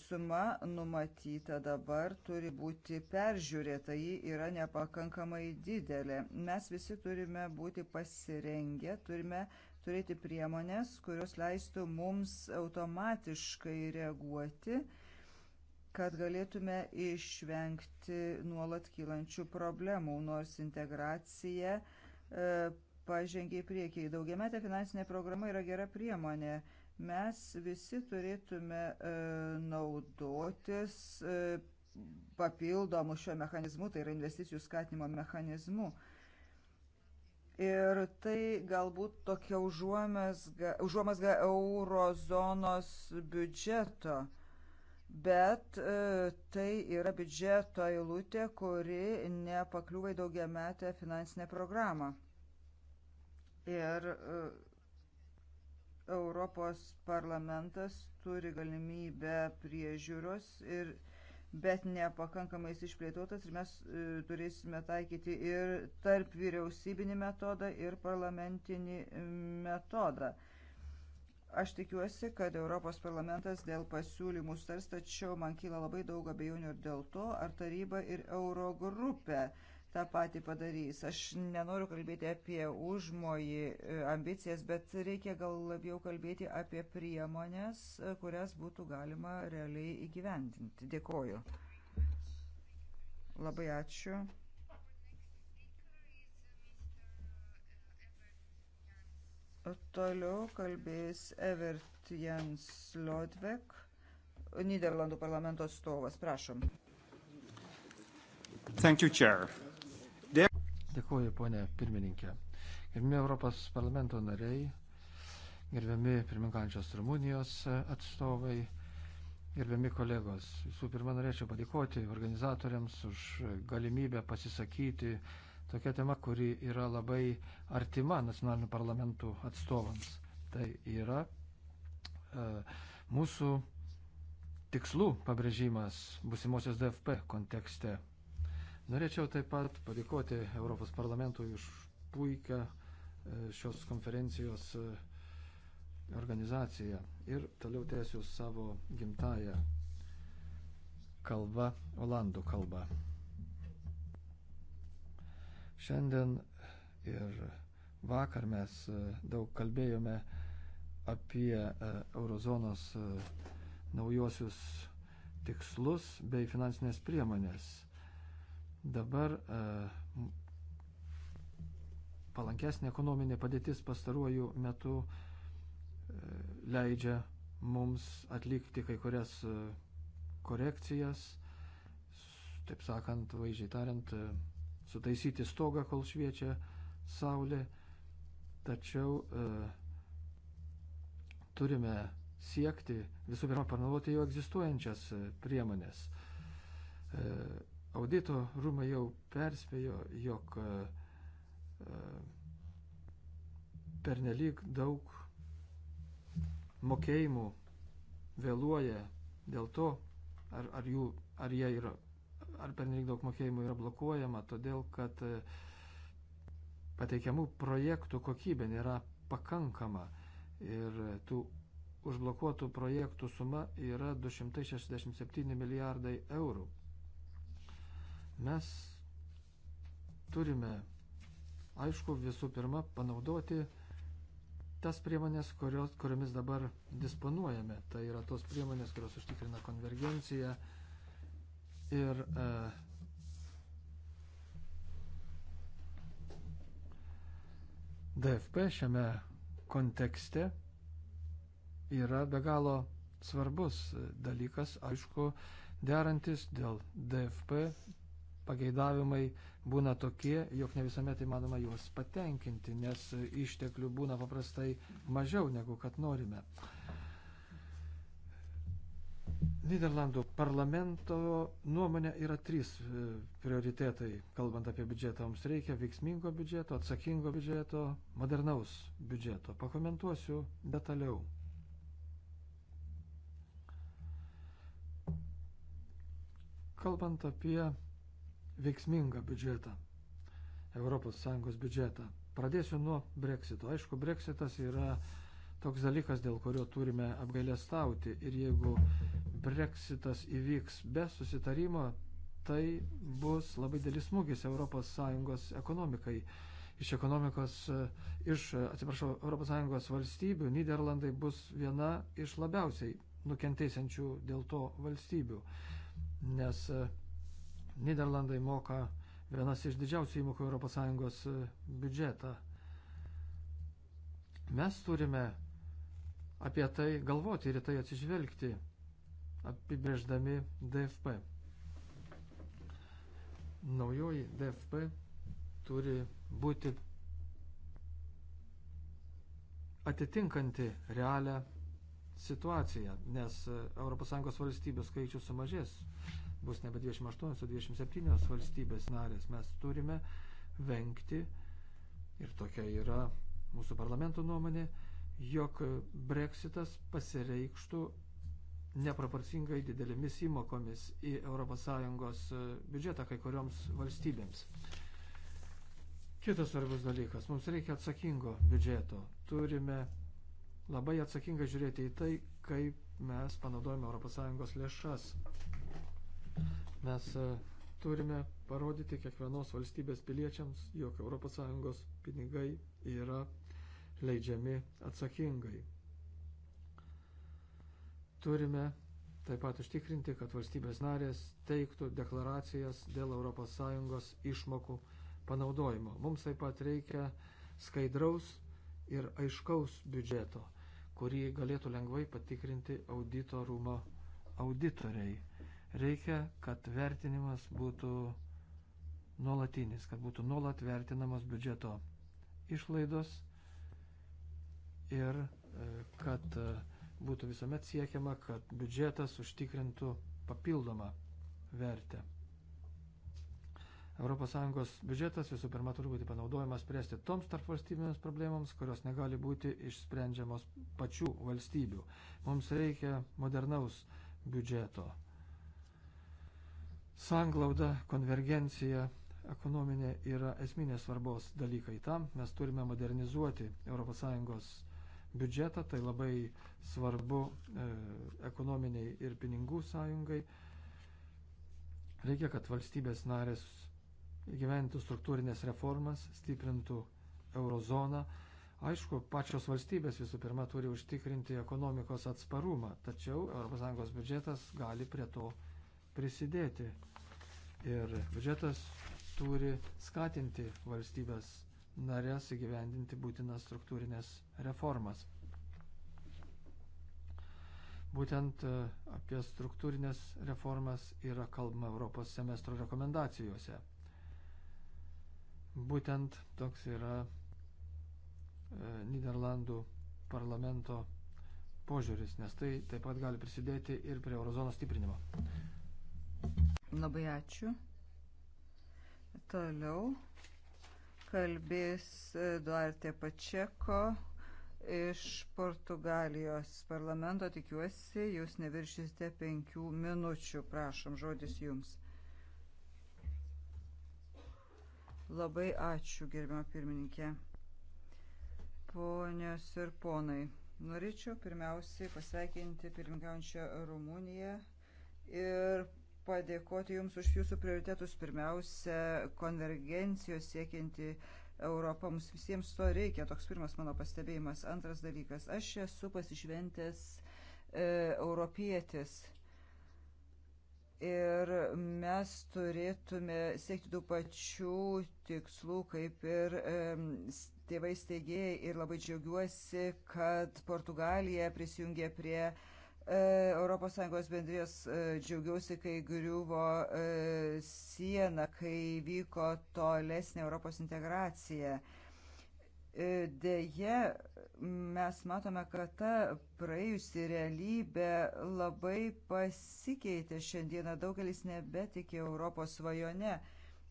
suma numatyta dabar turi būti peržiūrėta, ji yra nepakankamai didelė. Mes visi turime būti pasirengę, turime turėti priemonės, kurios leistų mums automatiškai reaguoti, kad galėtume išvengti nuolat kylančių problemų, nors integracija e, pažengė į priekį. Daugiametė finansinė programa yra gera priemonė. Mes visi turėtume e, naudotis e, papildomų šio mechanizmų, tai yra investicijų skatinimo mechanizmų. Ir tai galbūt tokia užuomasga, užuomasga eurozonos biudžeto. Bet e, tai yra biudžeto eilutė, kuri nepakliūva į daugiametę finansinę programą. Ir e, Europos parlamentas turi galimybę priežiūros ir bet nepakankamai jis išplėtotas ir mes e, turėsime taikyti ir tarp vyriausybinį metodą ir parlamentinį e, metodą. Aš tikiuosi, kad Europos parlamentas dėl pasiūlymų stars, tačiau man kyla labai daug abejonių ir dėl to, ar taryba ir Eurogrupė grupė tą patį padarys. Aš nenoriu kalbėti apie užmojį e, ambicijas, bet reikia gal labiau kalbėti apie priemonės, e, kurias būtų galima realiai įgyvendinti. Dėkoju. Labai ačiū. Toliau kalbės Evert Jens Lodvek, Niderlandų parlamento atstovas. Prašom. Thank you, Chair. Dėkuoju, ponė pirmininkė. Gerbimi Europos parlamento nariai, gerbiami pirmininkančios Rumunijos atstovai, gerbiami kolegos. Visų pirma, norėčiau padėkoti organizatoriams už galimybę pasisakyti tokia tema, kuri yra labai artima nacionalinių parlamentų atstovams. Tai yra e, mūsų tikslų pabrėžimas busimosios DFP kontekste Norėčiau taip pat padėkoti Europos parlamentui už puikią e, šios konferencijos e, organizaciją ir toliau tęsiu savo gimtają kalbą, olandų kalbą. Šiandien ir vakar mes e, daug kalbėjome apie eurozonos naujosius tikslus bei finansinės priemonės. Dabar e, palankesnė ekonominė padėtis pastaruoju metu e, leidžia mums atlikti kai kurias e, korekcijas, taip sakant, vaizdžiai tariant, e, sutaisyti stogą, kol šviečia saulė, tačiau e, turime siekti visų pirma panaudoti jau egzistuojančias e, priemonės. E, Audito rūmai jau perspėjo, jog e, e, pernelyg daug mokėjimų vėluoja dėl to, ar, ar, jų, ar jie yra, ar pernelyg daug mokėjimų yra blokuojama, todėl kad e, pateikiamų projektų kokybė nėra pakankama ir tų užblokuotų projektų suma yra 267 milijardai eurų. Mes turime, aišku, visų pirma panaudoti tas priemonės, kurios, kuriomis dabar disponuojame. Tai yra tos priemonės, kurios užtikrina konvergenciją ir e, DFP šiame kontekste yra be galo svarbus dalykas, aišku, derantis dėl DFP pageidavimai būna tokie, jog ne visuomet įmanoma juos patenkinti, nes išteklių būna paprastai mažiau negu kad norime. Niderlandų parlamento nuomonė yra trys e, prioritetai, kalbant apie biudžetą. Mums reikia veiksmingo biudžeto, atsakingo biudžeto, modernaus biudžeto. Pakomentuosiu detaliau. Kalbant apie veiksmingą biudžetą, ES biudžetą. Pradėsiu nuo breksito. Aišku, breksitas yra toks dalykas, dėl kurio turime apgailestauti. Ir jeigu breksitas įvyks be susitarimo, tai bus labai dėlis smūgis ES ekonomikai. Iš ekonomikos, iš, atsiprašau, ES valstybių Niderlandai bus viena iš labiausiai nukentėsiančių dėl to valstybių. Nes Niderlandai moka vienas iš didžiausių įmokų ES e, biudžetą. Mes turime apie tai galvoti ir į tai atsižvelgti, apibrėždami DFP. Naujoji DFP turi būti atitinkanti realią situaciją, nes ES valstybių skaičius sumažės bus nebe 28, o 27 valstybės narės. Mes turime vengti, ir tokia yra mūsų parlamento nuomonė, jog breksitas pasireikštų neproporcingai didelėmis įmokomis į ES e, biudžetą kai kurioms valstybėms. Kitas svarbus dalykas, mums reikia atsakingo biudžeto. Turime labai atsakingai žiūrėti į tai, kaip mes panaudojame ES lėšas. Mes e, turime parodyti kiekvienos valstybės piliečiams, jog ES pinigai yra leidžiami atsakingai. Turime taip pat užtikrinti, kad valstybės narės teiktų deklaracijas dėl ES išmokų panaudojimo. Mums taip pat reikia skaidraus ir aiškaus biudžeto, kurį galėtų lengvai patikrinti audito rūmo auditoriai. Reikia, kad vertinimas būtų nuolatinis, kad būtų nuolat vertinamos biudžeto išlaidos ir e, kad e, būtų visuomet siekiama, kad biudžetas užtikrintų papildomą vertę. ES biudžetas visų pirma turi būti panaudojamas spręsti toms tarp valstybinėms problemams, kurios negali būti išsprendžiamos pačių valstybių. Mums reikia modernaus biudžeto sanglauda, konvergencija ekonominė yra esminės svarbos dalykai. Tam mes turime modernizuoti ES biudžetą, tai labai svarbu e, ekonominiai ir pinigų sąjungai. Reikia, kad valstybės narės gyventų struktūrinės reformas, stiprintų eurozoną. Aišku, pačios valstybės visų pirma turi užtikrinti ekonomikos atsparumą, tačiau ES biudžetas gali prie to prisidėti. Ir biudžetas turi skatinti valstybės narės įgyvendinti būtinas struktūrinės reformas. Būtent e, apie struktūrinės reformas yra kalbama Europos semestro rekomendacijose. Būtent toks yra e, Niderlandų parlamento požiūris, nes tai taip pat gali prisidėti ir prie eurozonos stiprinimo. Labai ačiū. Toliau kalbės Duarte Pačeko iš Portugalijos parlamento. Tikiuosi, jūs neviršysite penkių minučių. Prašom, žodis jums. Labai ačiū, gerbiamą pirmininkę. Ponios ir ponai, norėčiau pirmiausiai pasveikinti pirmininkaujančią Rumuniją ir padėkoti Jums už Jūsų prioritetus. Pirmiausia, konvergencijos siekianti Europą. Mums visiems to reikia. Toks pirmas mano pastebėjimas. Antras dalykas. Aš esu pasišventęs e, europietis. Ir mes turėtume siekti tų pačių tikslų, kaip ir e, tėvai steigėjai. Ir labai džiaugiuosi, kad Portugalija prisijungė prie e, ES bendrijos e, džiaugiausi, kai griuvo e, siena, kai vyko tolesnė Europos integracija. E, deja, mes matome, kad ta praėjusi realybė labai pasikeitė šiandieną. Daugelis nebetikė Europos svajone.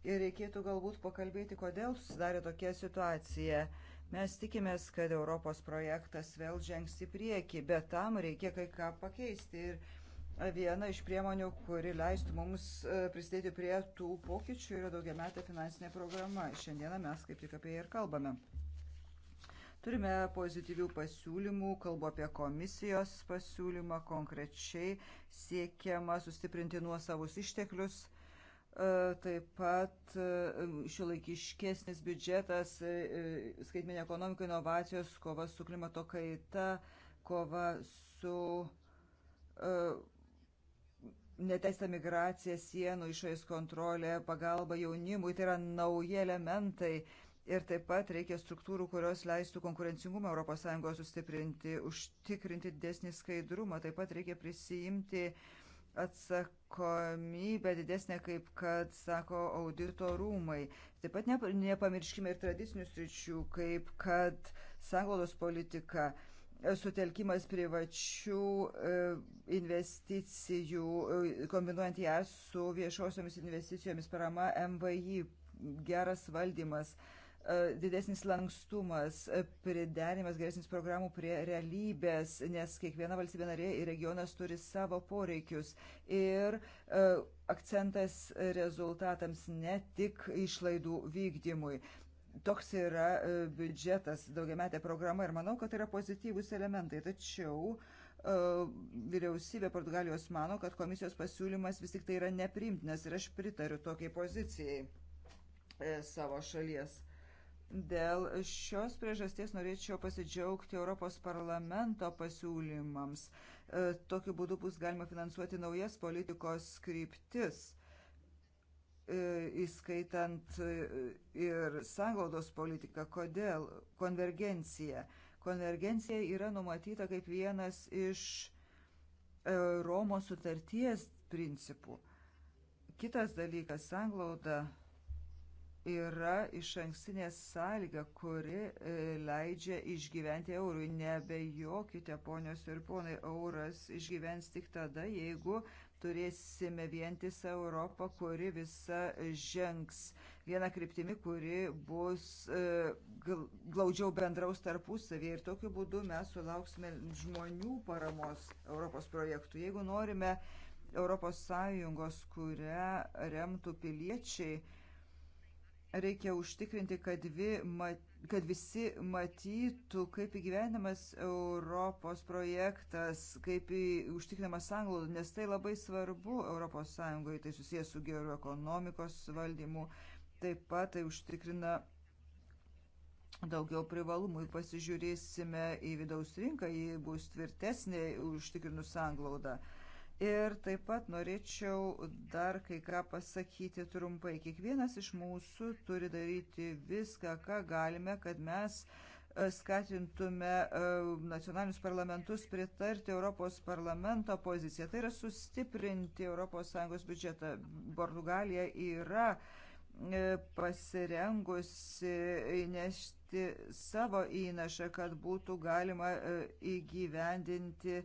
Ir reikėtų galbūt pakalbėti, kodėl susidarė tokia situacija. Uh, Mes tikimės, kad Europos projektas vėl žengs į priekį, bet tam reikia kai ką pakeisti. Ir viena iš priemonių, kuri leistų mums e, prisidėti prie tų pokyčių, yra daugiametė finansinė programa. Šiandieną mes kaip tik apie ją ir kalbame. Turime pozityvių pasiūlymų, kalbu apie komisijos pasiūlymą konkrečiai, siekiama sustiprinti nuosavus išteklius E, taip pat e, šiuolaikiškesnis biudžetas, e, skaitminė ekonomika, inovacijos, kova su klimato kaita, kova su neteista migracija, sienų išorės kontrolė, pagalba jaunimui, tai yra nauji elementai. Ir taip pat reikia struktūrų, kurios leistų konkurencingumą ES sustiprinti, užtikrinti didesnį skaidrumą. Taip pat reikia prisijimti uh, atsakomybę didesnę, kaip kad sako audito rūmai. Taip pat nepamirškime ir tradicinių sričių, kaip kad sanglaudos politika, sutelkimas privačių e, investicijų, e, kombinuojant ją su viešosiomis investicijomis, parama MVI, geras valdymas. E, didesnis lankstumas, e, priderimas geresnis programų prie realybės, nes kiekviena valstybė narė ir regionas turi savo poreikius. Ir e, akcentas rezultatams ne tik išlaidų vykdymui. Toks yra biudžetas, daugiametė programa ir manau, kad tai yra pozityvus elementai. Tačiau vyriausybė Portugalijos mano, kad komisijos pasiūlymas vis tik tai yra neprimtinas ir aš pritariu tokiai pozicijai savo šalies Dėl šios priežasties norėčiau pasidžiaugti Europos parlamento pasiūlymams. E, tokiu būdu bus galima finansuoti naujas politikos kryptis, e, įskaitant e, ir sąnglaudos politiką. Kodėl? Konvergencija. Konvergencija yra numatyta kaip vienas iš Romos sutarties principų. Kitas dalykas - sąnglauda yra iš ankstinė sąlyga, kuri e, leidžia išgyventi eurui. Nebejokite, ponios ir ponai, euras išgyvens tik tada, jeigu turėsime vientisą Europą, kuri visa žengs vieną kryptimį, kuri bus e, glaudžiau bendraus tarpusavėje ir tokiu būdu mes sulauksime žmonių paramos Europos projektų. Jeigu norime Europos Sąjungos, kurią remtų piliečiai, reikia užtikrinti, kad, vi, mat, kad visi matytų, kaip įgyvenimas Europos projektas, kaip į, užtikrinamas sanglauda, nes tai labai svarbu ES, tai susijęs su geru ekonomikos valdymu, taip pat tai užtikrina daugiau privalumų. Pasižiūrėsime į vidaus rinką, ji bus tvirtesnė užtikrinus sanglaudą. Uh, Ir taip pat norėčiau dar kai ką pasakyti trumpai. Kiekvienas iš mūsų turi daryti viską, ką galime, kad mes e, skatintume e, nacionalinius parlamentus pritarti Europos parlamento poziciją. Tai yra sustiprinti ES biudžetą. Portugalija yra e, pasirengusi įnešti savo įnašą, kad būtų galima įgyvendinti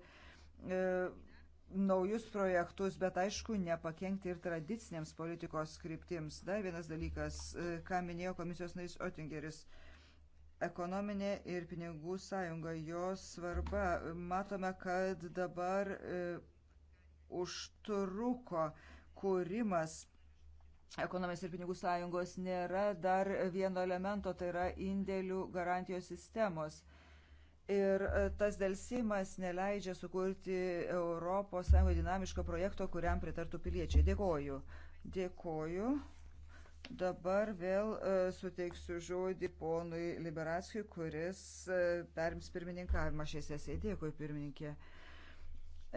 naujus projektus, bet aišku, nepakengti ir tradicinėms politikos kryptims. Dar vienas dalykas, e, ką minėjo komisijos narys Otingeris. Ekonominė ir pinigų sąjunga, jos svarba. Matome, kad dabar e, užtruko kūrimas ekonomės ir pinigų sąjungos nėra dar vieno elemento, tai yra indėlių garantijos sistemos. Ir e, tas dėlsimas neleidžia sukurti ES dinamiško projekto, kuriam pritartų piliečiai. Dėkoju. Dėkoju. Dabar vėl e, suteiksiu žodį ponui Liberatskijui, kuris e, perims pirmininkavimą šiais esėjai. Dėkui, pirmininkė.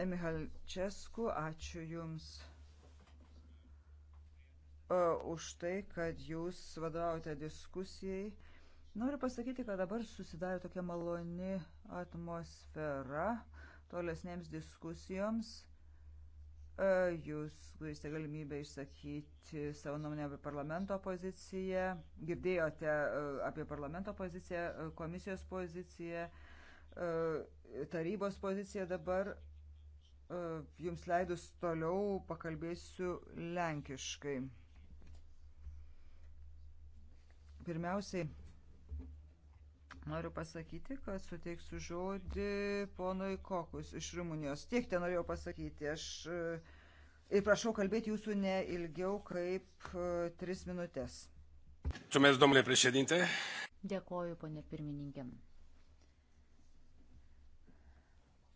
Mihal Česku, ačiū Jums už tai, kad Jūs vadovaujate diskusijai Noriu pasakyti, kad dabar susidarė tokia maloni atmosfera tolesnėms diskusijoms. E, jūs turite galimybę išsakyti savo nuomonę apie parlamento poziciją, girdėjote e, apie parlamento poziciją, e, komisijos poziciją, tarybos poziciją dabar. Jums leidus toliau pakalbėsiu lenkiškai. Pirmiausiai Noriu pasakyti, kad suteiksiu žodį ponui Kokus iš Rumunijos. Tiek ten norėjau pasakyti. Aš e, ir prašau kalbėti jūsų ne ilgiau kaip e, tris minutės. Tumės, domnule prešedinte. Dėkoju, ponė pirmininkė.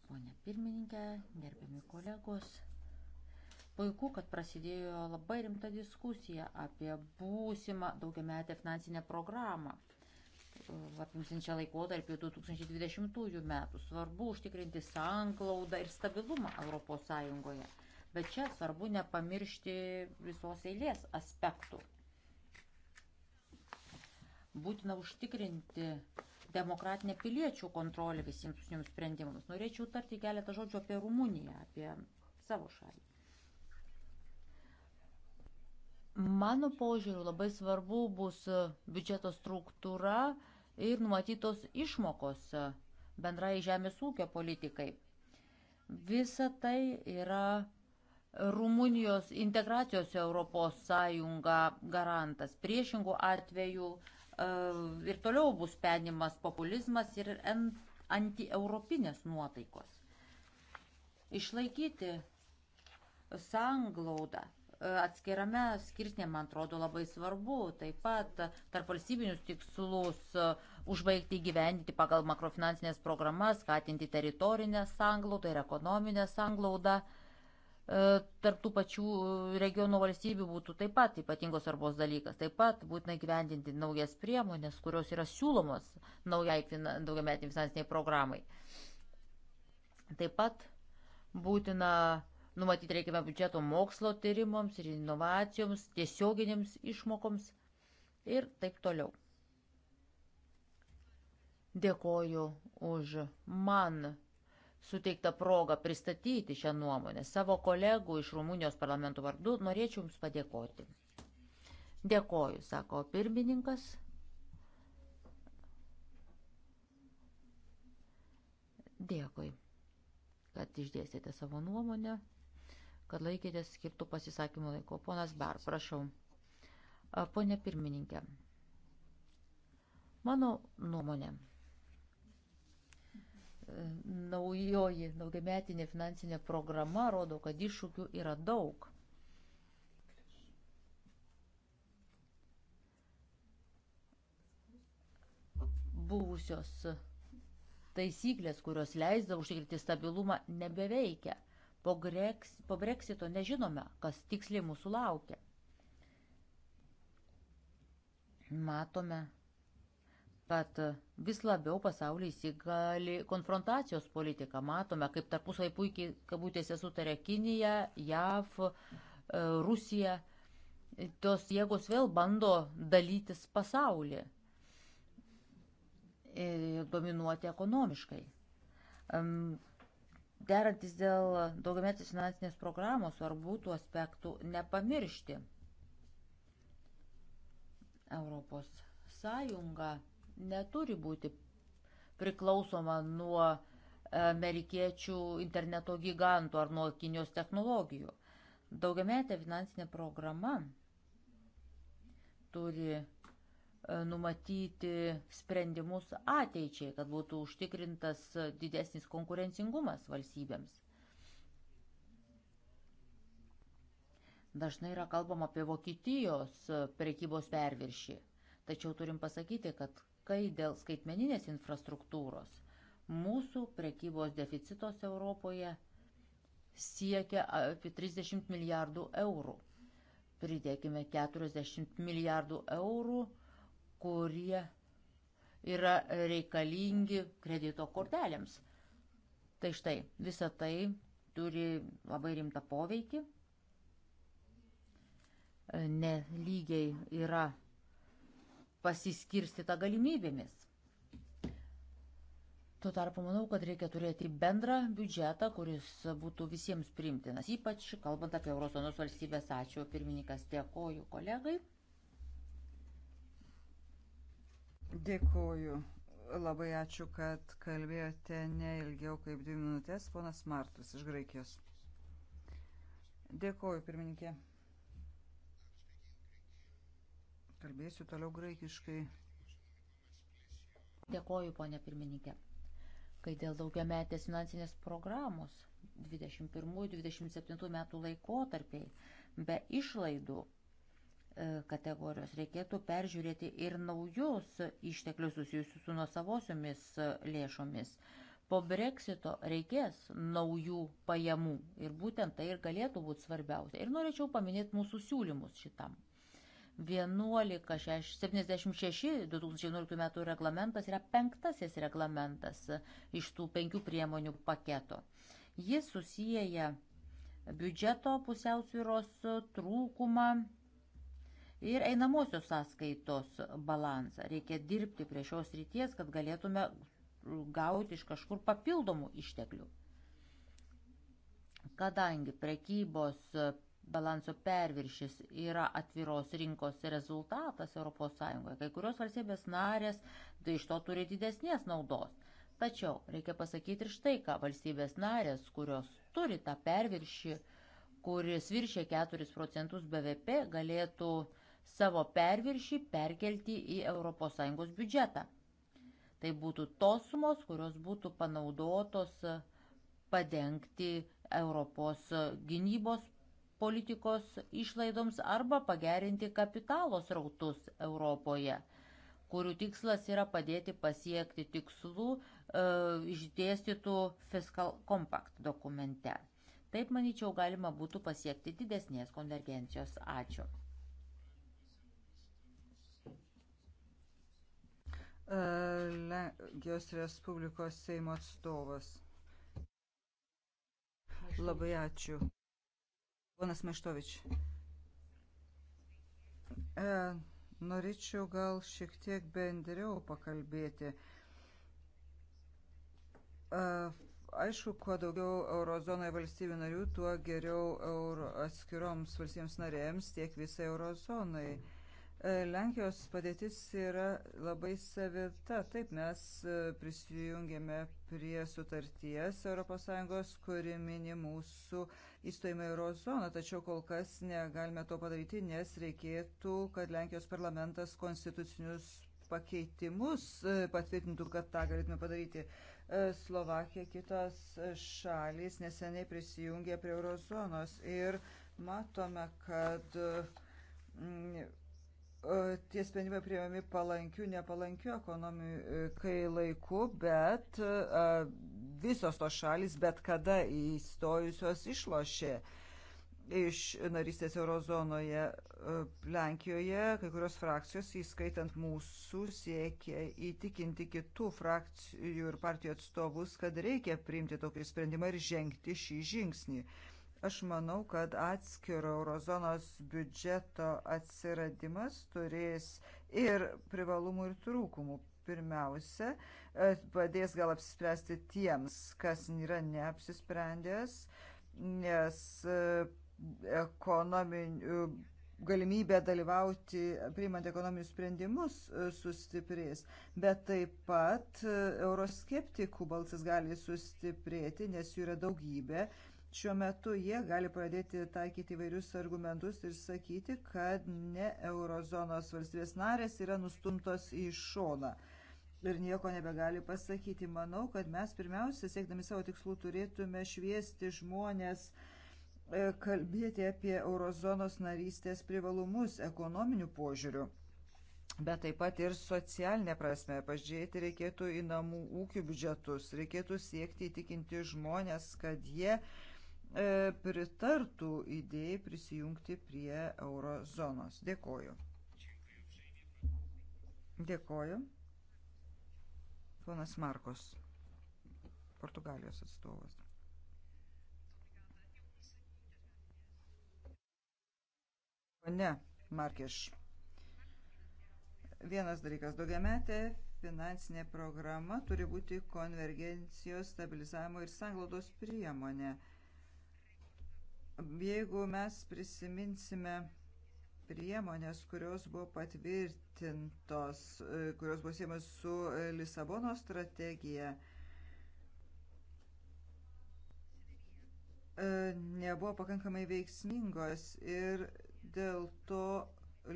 Pone pirmininkė, gerbiami kolegos. Puiku, kad prasidėjo labai rimta diskusija apie būsimą daugiametę finansinę programą apimsinčio laikotarpio 2020 metų. Svarbu užtikrinti sanglaudą ir stabilumą ES. Bet čia svarbu nepamiršti visos eilės aspektų. Būtina užtikrinti demokratinę piliečių kontrolę visiems užsienio sprendimams. Norėčiau tarti keletą žodžių apie Rumuniją, apie savo šalį. Mano požiūriu labai svarbu bus biudžeto struktūra, ir numatytos išmokos e, bendrai žemės ūkio politikai. Visa tai yra Rumunijos integracijos Europos Sąjunga garantas. Priešingų atvejų e, ir toliau bus penimas populizmas ir antieuropinės nuotaikos. Išlaikyti sanglaudą E, atskirame skirsnė, man atrodo, labai svarbu taip pat tarp valstybinius tikslus e, užbaigti gyventi pagal makrofinansinės programas, skatinti teritorinę sanglaudą ir ekonominę sanglaudą. E, Tarptų pačių regionų valstybių būtų taip pat ypatingos svarbos dalykas. Taip pat būtina gyvendinti naujas priemonės, kurios yra siūlomos naujai daugiametiniai finansiniai programai. Taip pat būtina numatyti reikiamą biudžeto mokslo tyrimams ir inovacijoms, tiesioginėms išmokoms ir taip toliau. Dėkoju už man suteiktą progą pristatyti šią nuomonę. Savo kolegų iš Rumunijos parlamento vardu norėčiau Jums padėkoti. Dėkoju, sako pirmininkas. Dėkui, kad išdėstėte savo nuomonę kad laikėtės skirtų pasisakymų laiko. Ponas Bar, prašau. Pone pirmininkė, mano nuomonė naujoji daugiametinė finansinė programa rodo, kad iššūkių yra daug. Buvusios taisyklės, kurios leisdavo užtikrinti stabilumą, nebeveikia. Po, greks, po breksito nežinome, kas tiksliai mūsų laukia. Matome, kad vis labiau pasaulyje įsigali konfrontacijos politika. Matome, kaip tarpusai puikiai, kabutėse, sutarė Kinija, JAV, e, Rusija. Tos jėgos vėl bando dalytis pasaulį, e, dominuoti ekonomiškai derantis dėl daugiametės finansinės programos svarbu tų aspektų nepamiršti. Europos Sąjunga neturi būti priklausoma nuo amerikiečių interneto gigantų ar nuo Kinijos technologijų. Daugiametė finansinė programa turi E, numatyti sprendimus ateičiai, kad būtų užtikrintas didesnis konkurencingumas valstybėms. Dažnai yra kalbama apie Vokietijos prekybos perviršį, tačiau turim pasakyti, kad kai dėl skaitmeninės infrastruktūros mūsų prekybos deficitos Europoje siekia apie 30 milijardų eurų. Pridėkime 40 milijardų eurų kurie yra reikalingi kredito kortelėms. Tai štai, visa tai turi labai rimtą poveikį. Nelygiai yra pasiskirstita galimybėmis. Tuo tarpu manau, kad reikia turėti bendrą biudžetą, kuris būtų visiems primtinas, ypač kalbant apie Eurozonos valstybės. Ačiū, pirmininkas, dėkoju kolegai. Dėkuoju. Labai ačiū, kad kalbėjote ne ilgiau kaip dvi minutės, ponas Martus iš Graikijos. Dėkuoju, pirmininkė. Kalbėsiu toliau graikiškai. Dėkuoju, ponė pirmininkė. Kai dėl daugiametės finansinės programos 21-27 metų laikotarpiai be išlaidų E, kategorijos. Reikėtų peržiūrėti ir naujus išteklius susijusius su nuosavosiomis lėšomis. Po breksito reikės naujų pajamų ir būtent tai ir galėtų būti svarbiausia. Ir norėčiau paminėti mūsų siūlymus šitam. 1176-2011 metų reglamentas yra penktasis reglamentas iš tų penkių priemonių paketo. Jis susijęja biudžeto pusiausvyros trūkumą ir einamosios sąskaitos balansą. Reikia dirbti prie šios ryties, kad galėtume gauti iš kažkur papildomų išteklių. Kadangi prekybos balanso perviršis yra atviros rinkos rezultatas ES, kai kurios valstybės narės tai iš to turi didesnės naudos. Tačiau reikia pasakyti ir štai, ką valstybės narės, kurios turi tą perviršį, kuris viršė 4 procentus BVP, galėtų uh, savo perviršį perkelti į ES biudžetą. Tai būtų tos sumos, kurios būtų panaudotos padengti Europos gynybos politikos išlaidoms arba pagerinti kapitalos rautus Europoje, kurių tikslas yra padėti pasiekti tikslų e, išdėstytų Fiscal Compact dokumente. Taip, manyčiau, galima būtų pasiekti didesnės konvergencijos. Ačiū. Lenkijos Respublikos Seimo atstovas. Labai ačiū. Ponas Meštovič. E, norėčiau gal šiek tiek bendriau pakalbėti. E, aišku, kuo daugiau eurozonoje valstybių narių, tuo geriau euro atskiroms valstybėms narėms, tiek visai eurozonai. E, Lenkijos padėtis yra labai savita. Taip mes e, prisijungėme prie sutarties ES, kuri mini mūsų įstojimą į eurozoną, tačiau kol kas negalime to padaryti, nes reikėtų, kad Lenkijos parlamentas konstitucinius pakeitimus e, patvirtintų, kad tą galėtume padaryti. E, Slovakija, kitos šalys neseniai prisijungė prie eurozonos ir matome, kad mm, E, tie sprendimai priimami palankių, nepalankių ekonomikai e, laiku, bet e, visos tos šalis bet kada įstojusios išlošė iš narystės eurozonoje Lenkijoje, kai kurios frakcijos, įskaitant mūsų, siekia įtikinti kitų frakcijų ir partijų atstovus, kad reikia priimti tokį sprendimą ir žengti šį žingsnį. Aš manau, kad atskiro eurozonos biudžeto atsiradimas turės ir privalumų, ir trūkumų. Pirmiausia, e, padės gal apsispręsti tiems, kas yra neapsisprendęs, nes e, ekonominių e, galimybė dalyvauti, priimant ekonominius sprendimus, sustiprės. Bet taip pat euroskeptikų balsas gali sustiprėti, nes jų yra daugybė šiuo metu jie gali pradėti taikyti įvairius argumentus ir sakyti, kad ne eurozonos valstybės narės yra nustumtos į šoną. Ir nieko nebegali pasakyti. Manau, kad mes pirmiausia, siekdami savo tikslų, turėtume šviesti žmonės, e, kalbėti apie eurozonos narystės privalumus ekonominių požiūrių. Bet taip pat ir socialinė prasme, pažiūrėti reikėtų į namų ūkių biudžetus, reikėtų siekti įtikinti žmonės, kad jie uh, E, pritartų idėjai prisijungti prie eurozonos. Dėkoju. Dėkoju. Ponas Markos, Portugalijos atstovas. Pane Markiš. Vienas dalykas, daugiametė finansinė programa turi būti konvergencijos, stabilizavimo ir sanglaudos priemonė. Jeigu mes prisiminsime priemonės, kurios buvo patvirtintos, e, kurios buvo siemas su e, Lisabono strategija, e, nebuvo pakankamai veiksmingos ir dėl to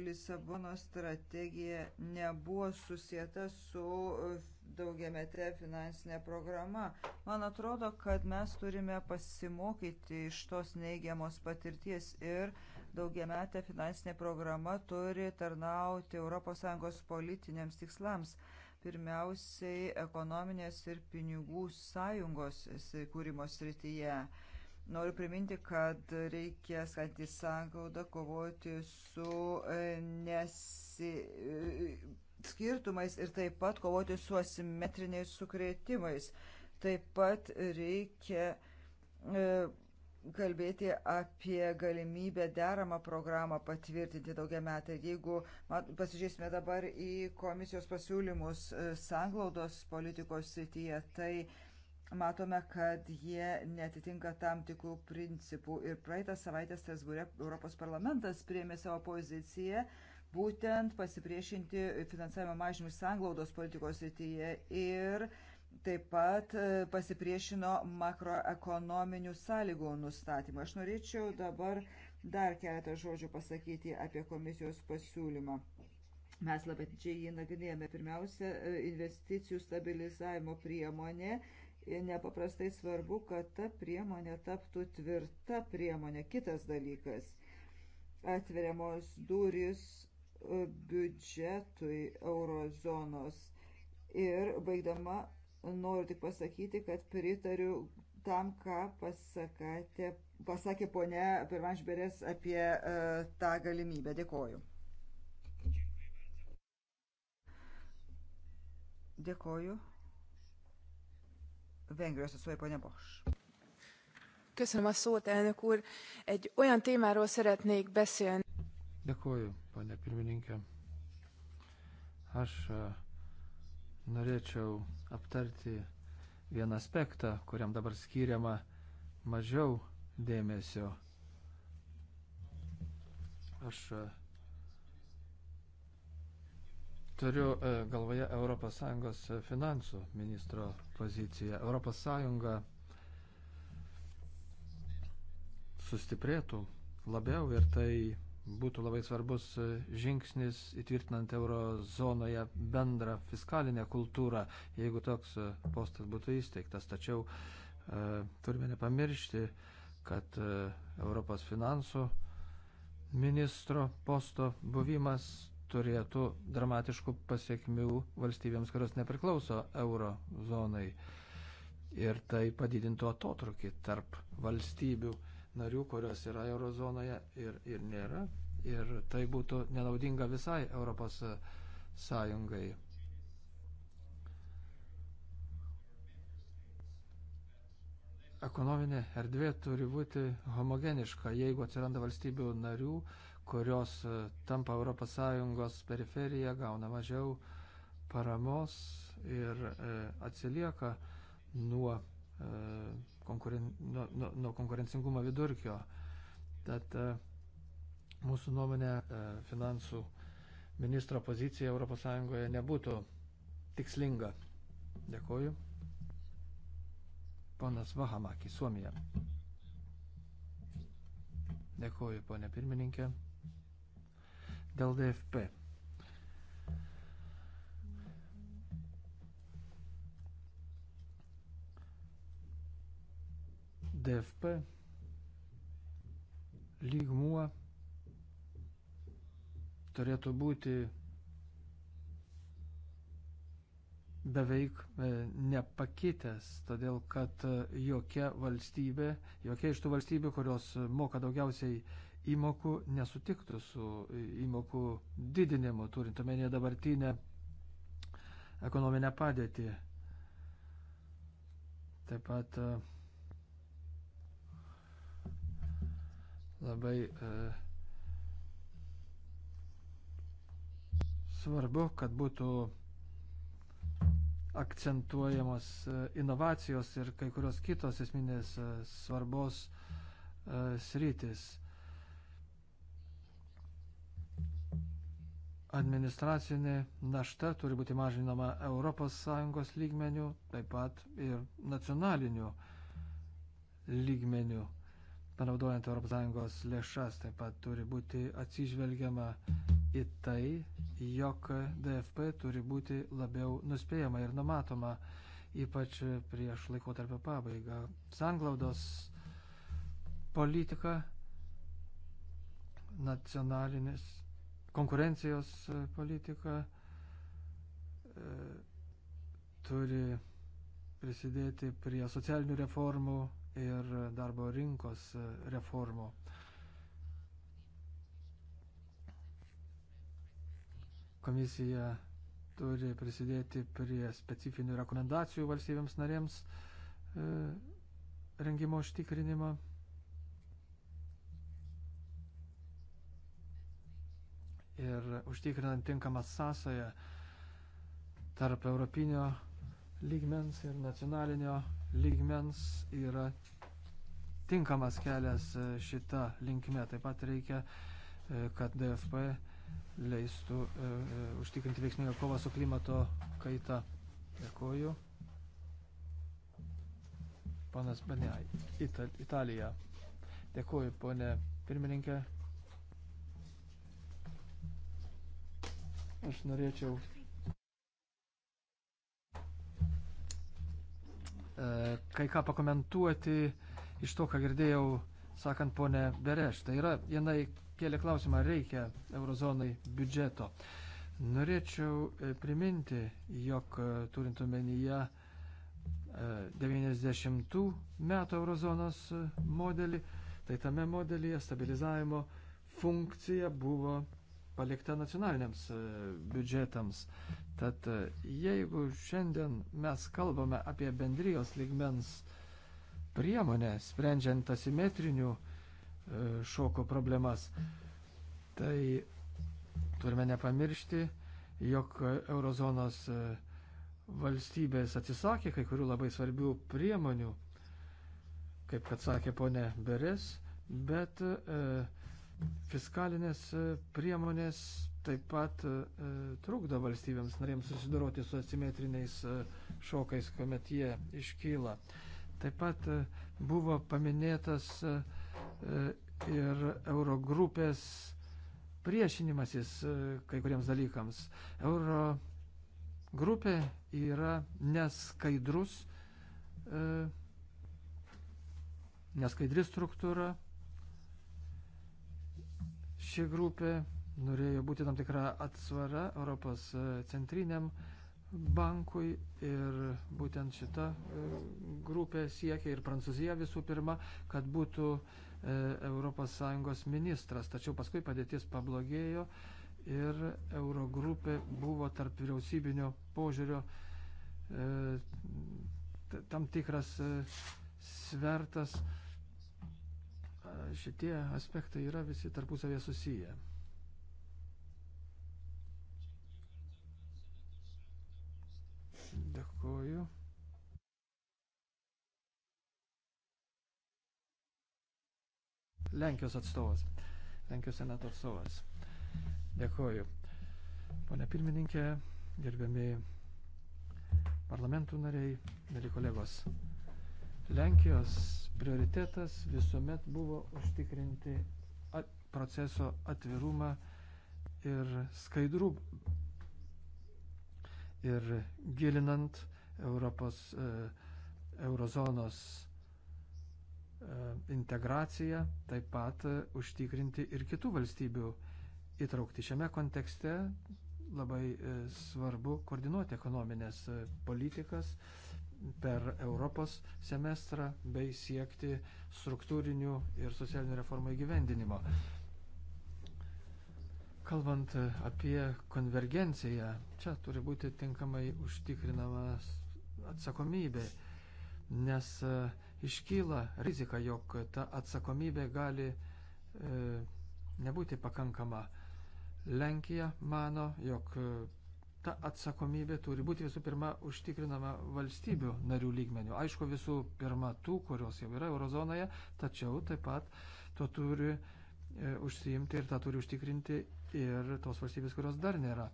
Lisabono strategija nebuvo susieta su daugiamete finansinė programa. Man atrodo, kad mes turime pasimokyti iš tos neigiamos patirties ir daugiametė finansinė programa turi tarnauti ES politiniams tikslams. Pirmiausiai ekonominės ir pinigų sąjungos kūrimo srityje. Noriu priminti, kad reikia skatinti sąngaudą, kovoti su e, nesi e, skirtumais ir taip pat kovoti su asimetriniais sukrėtimais. Taip pat reikia e, kalbėti apie galimybę deramą programą patvirtinti daugia metai. Jeigu mat, pasižiūrėsime dabar į komisijos pasiūlymus e, sanglaudos politikos srityje, tai matome, kad jie netitinka tam tikrų principų. Ir praeitą savaitę Strasbūrė Europos parlamentas priėmė savo poziciją būtent pasipriešinti finansavimo mažinimui sanglaudos politikos rytyje ir taip pat e, pasipriešino makroekonominių sąlygų nustatymą. Aš norėčiau dabar dar keletą žodžių pasakyti apie komisijos pasiūlymą. Mes labai čia jį nagrinėjame. Pirmiausia, e, investicijų stabilizavimo priemonė. Nepaprastai svarbu, kad ta priemonė taptų tvirta priemonė. Kitas dalykas atveriamos durys biudžetui eurozonos. Ir baigdama noriu tik pasakyti, kad pritariu tam, ką pasakate, pasakė ponia Pirmanšberės apie uh, tą galimybę. Dėkoju. Dėkoju. Vengrijos atstovai ponia Boš. Köszönöm a szót, elnök úr. Egy olyan témáról szeretnék beszélni. Dėkuoju, ponė pirmininkė. Aš e, norėčiau aptarti vieną aspektą, kuriam dabar skiriama mažiau dėmesio. Aš e, turiu e, galvoje ES finansų ministro poziciją. ES sustiprėtų labiau ir tai būtų labai svarbus e, žingsnis įtvirtinant eurozonoje bendrą fiskalinę kultūrą, jeigu toks e, postas būtų įsteigtas. Tačiau e, turime nepamiršti, kad e, Europos finansų ministro posto buvimas turėtų dramatiškų pasiekmių valstybėms, kurios nepriklauso eurozonai. Ir tai padidintų atotrukį tarp valstybių narių, kurios yra eurozonoje ir, ir nėra. Ir tai būtų nenaudinga visai Europos Sąjungai. Ekonominė erdvė turi būti homogeniška, jeigu atsiranda valstybių narių, kurios tampa ES periferija, gauna mažiau paramos ir e, atsilieka nuo e, konkuren, nuo, nuo, nuo konkurencingumo vidurkio. Tad e, mūsų nuomonė e, finansų ministro pozicija ES nebūtų tikslinga. Dėkoju. Ponas Vahamaki, Suomija. Dėkoju, ponė pirmininkė. Dėl DFP. DFP lygmuo turėtų būti beveik e, nepakitęs, todėl kad e, jokia valstybė, jokia iš tų valstybių, kurios moka daugiausiai įmokų, nesutiktų su e, įmokų didinimu, turint omenyje dabartinę ekonominę padėtį. Taip pat uh, labai e, svarbu, kad būtų akcentuojamos e, inovacijos ir kai kurios kitos esminės e, svarbos e, sritis. Administracinė našta turi būti mažinama ES lygmenių, taip pat ir nacionalinių lygmenių panaudojant ES lėšas, taip pat turi būti atsižvelgiama į tai, jog DFP turi būti labiau nuspėjama ir numatoma, ypač prieš laikotarpio pabaigą. Sanglaudos politika, nacionalinis konkurencijos politika e, turi prisidėti prie socialinių reformų ir darbo rinkos reformų. Komisija turi prisidėti prie specifinių rekomendacijų valstybėms narėms e, rengimo užtikrinimą. Ir užtikrinant tinkamą sąsąją tarp europinio lygmens ir nacionalinio lygmens yra tinkamas kelias e, šita linkme. Taip pat reikia, e, kad DFP leistų e, užtikrinti veiksmingą kovą su klimato kaita. Dėkoju. Panas Benė, Ital Italija. Dėkoju, ponė pirmininkė. Aš norėčiau E, kai ką pakomentuoti iš to, ką girdėjau, sakant, ponė Bereš. Tai yra, jinai kėlė klausimą, reikia eurozonai biudžeto. Norėčiau e, priminti, jog e, turint omenyje 90 metų eurozonos modelį, tai tame modelyje stabilizavimo funkcija buvo palikta nacionaliniams e, biudžetams. Tad e, jeigu šiandien mes kalbame apie bendrijos ligmens priemonę, sprendžiant asimetrinių e, šoko problemas, tai turime nepamiršti, jog eurozonos valstybės atsisakė kai kurių labai svarbių priemonių, kaip kad sakė ponė Beres, bet e, fiskalinės e, priemonės taip pat e, e, trukdo valstybėms narėms susidoroti su asimetriniais e, šokais, kuomet jie iškyla. Taip pat e, buvo paminėtas e, e ir Eurogrupės priešinimasis e, kai kuriems dalykams. Eurogrupė yra neskaidrus, e, neskaidri struktūra Ši grupė norėjo būti tam tikra atsvara Europos e, centriniam bankui ir būtent šita e, grupė siekia ir Prancūzija visų pirma, kad būtų ES ministras. Tačiau paskui padėtis pablogėjo ir Eurogrupė buvo tarp vyriausybinio požiūrio e, tam tikras svertas Šitie aspektai yra visi tarpusavė susiję. Dėkuoju. Lenkijos atstovas. Lenkijos senato atstovas. Dėkuoju. Pone pirmininkė, gerbiami parlamentų nariai, mėly kolegos. Lenkijos prioritetas visuomet buvo užtikrinti at, proceso atvirumą ir skaidrų. Ir gilinant Europos e, eurozonos e, integraciją, taip pat e, užtikrinti ir kitų valstybių įtraukti. Šiame kontekste labai e, svarbu koordinuoti ekonominės e, politikas. E, per Europos semestrą bei siekti struktūrinių ir socialinių reformų įgyvendinimo. Kalbant apie konvergenciją, čia turi būti tinkamai užtikrinamas atsakomybė, nes e, iškyla rizika, jog ta atsakomybė gali e, nebūti pakankama. Lenkija mano, jog ta atsakomybė turi būti visų pirma užtikrinama valstybių narių lygmenių. Aišku, visų pirma tų, kurios jau yra eurozonoje, tačiau taip pat to turi e, užsiimti ir tą turi užtikrinti ir tos valstybės, kurios dar nėra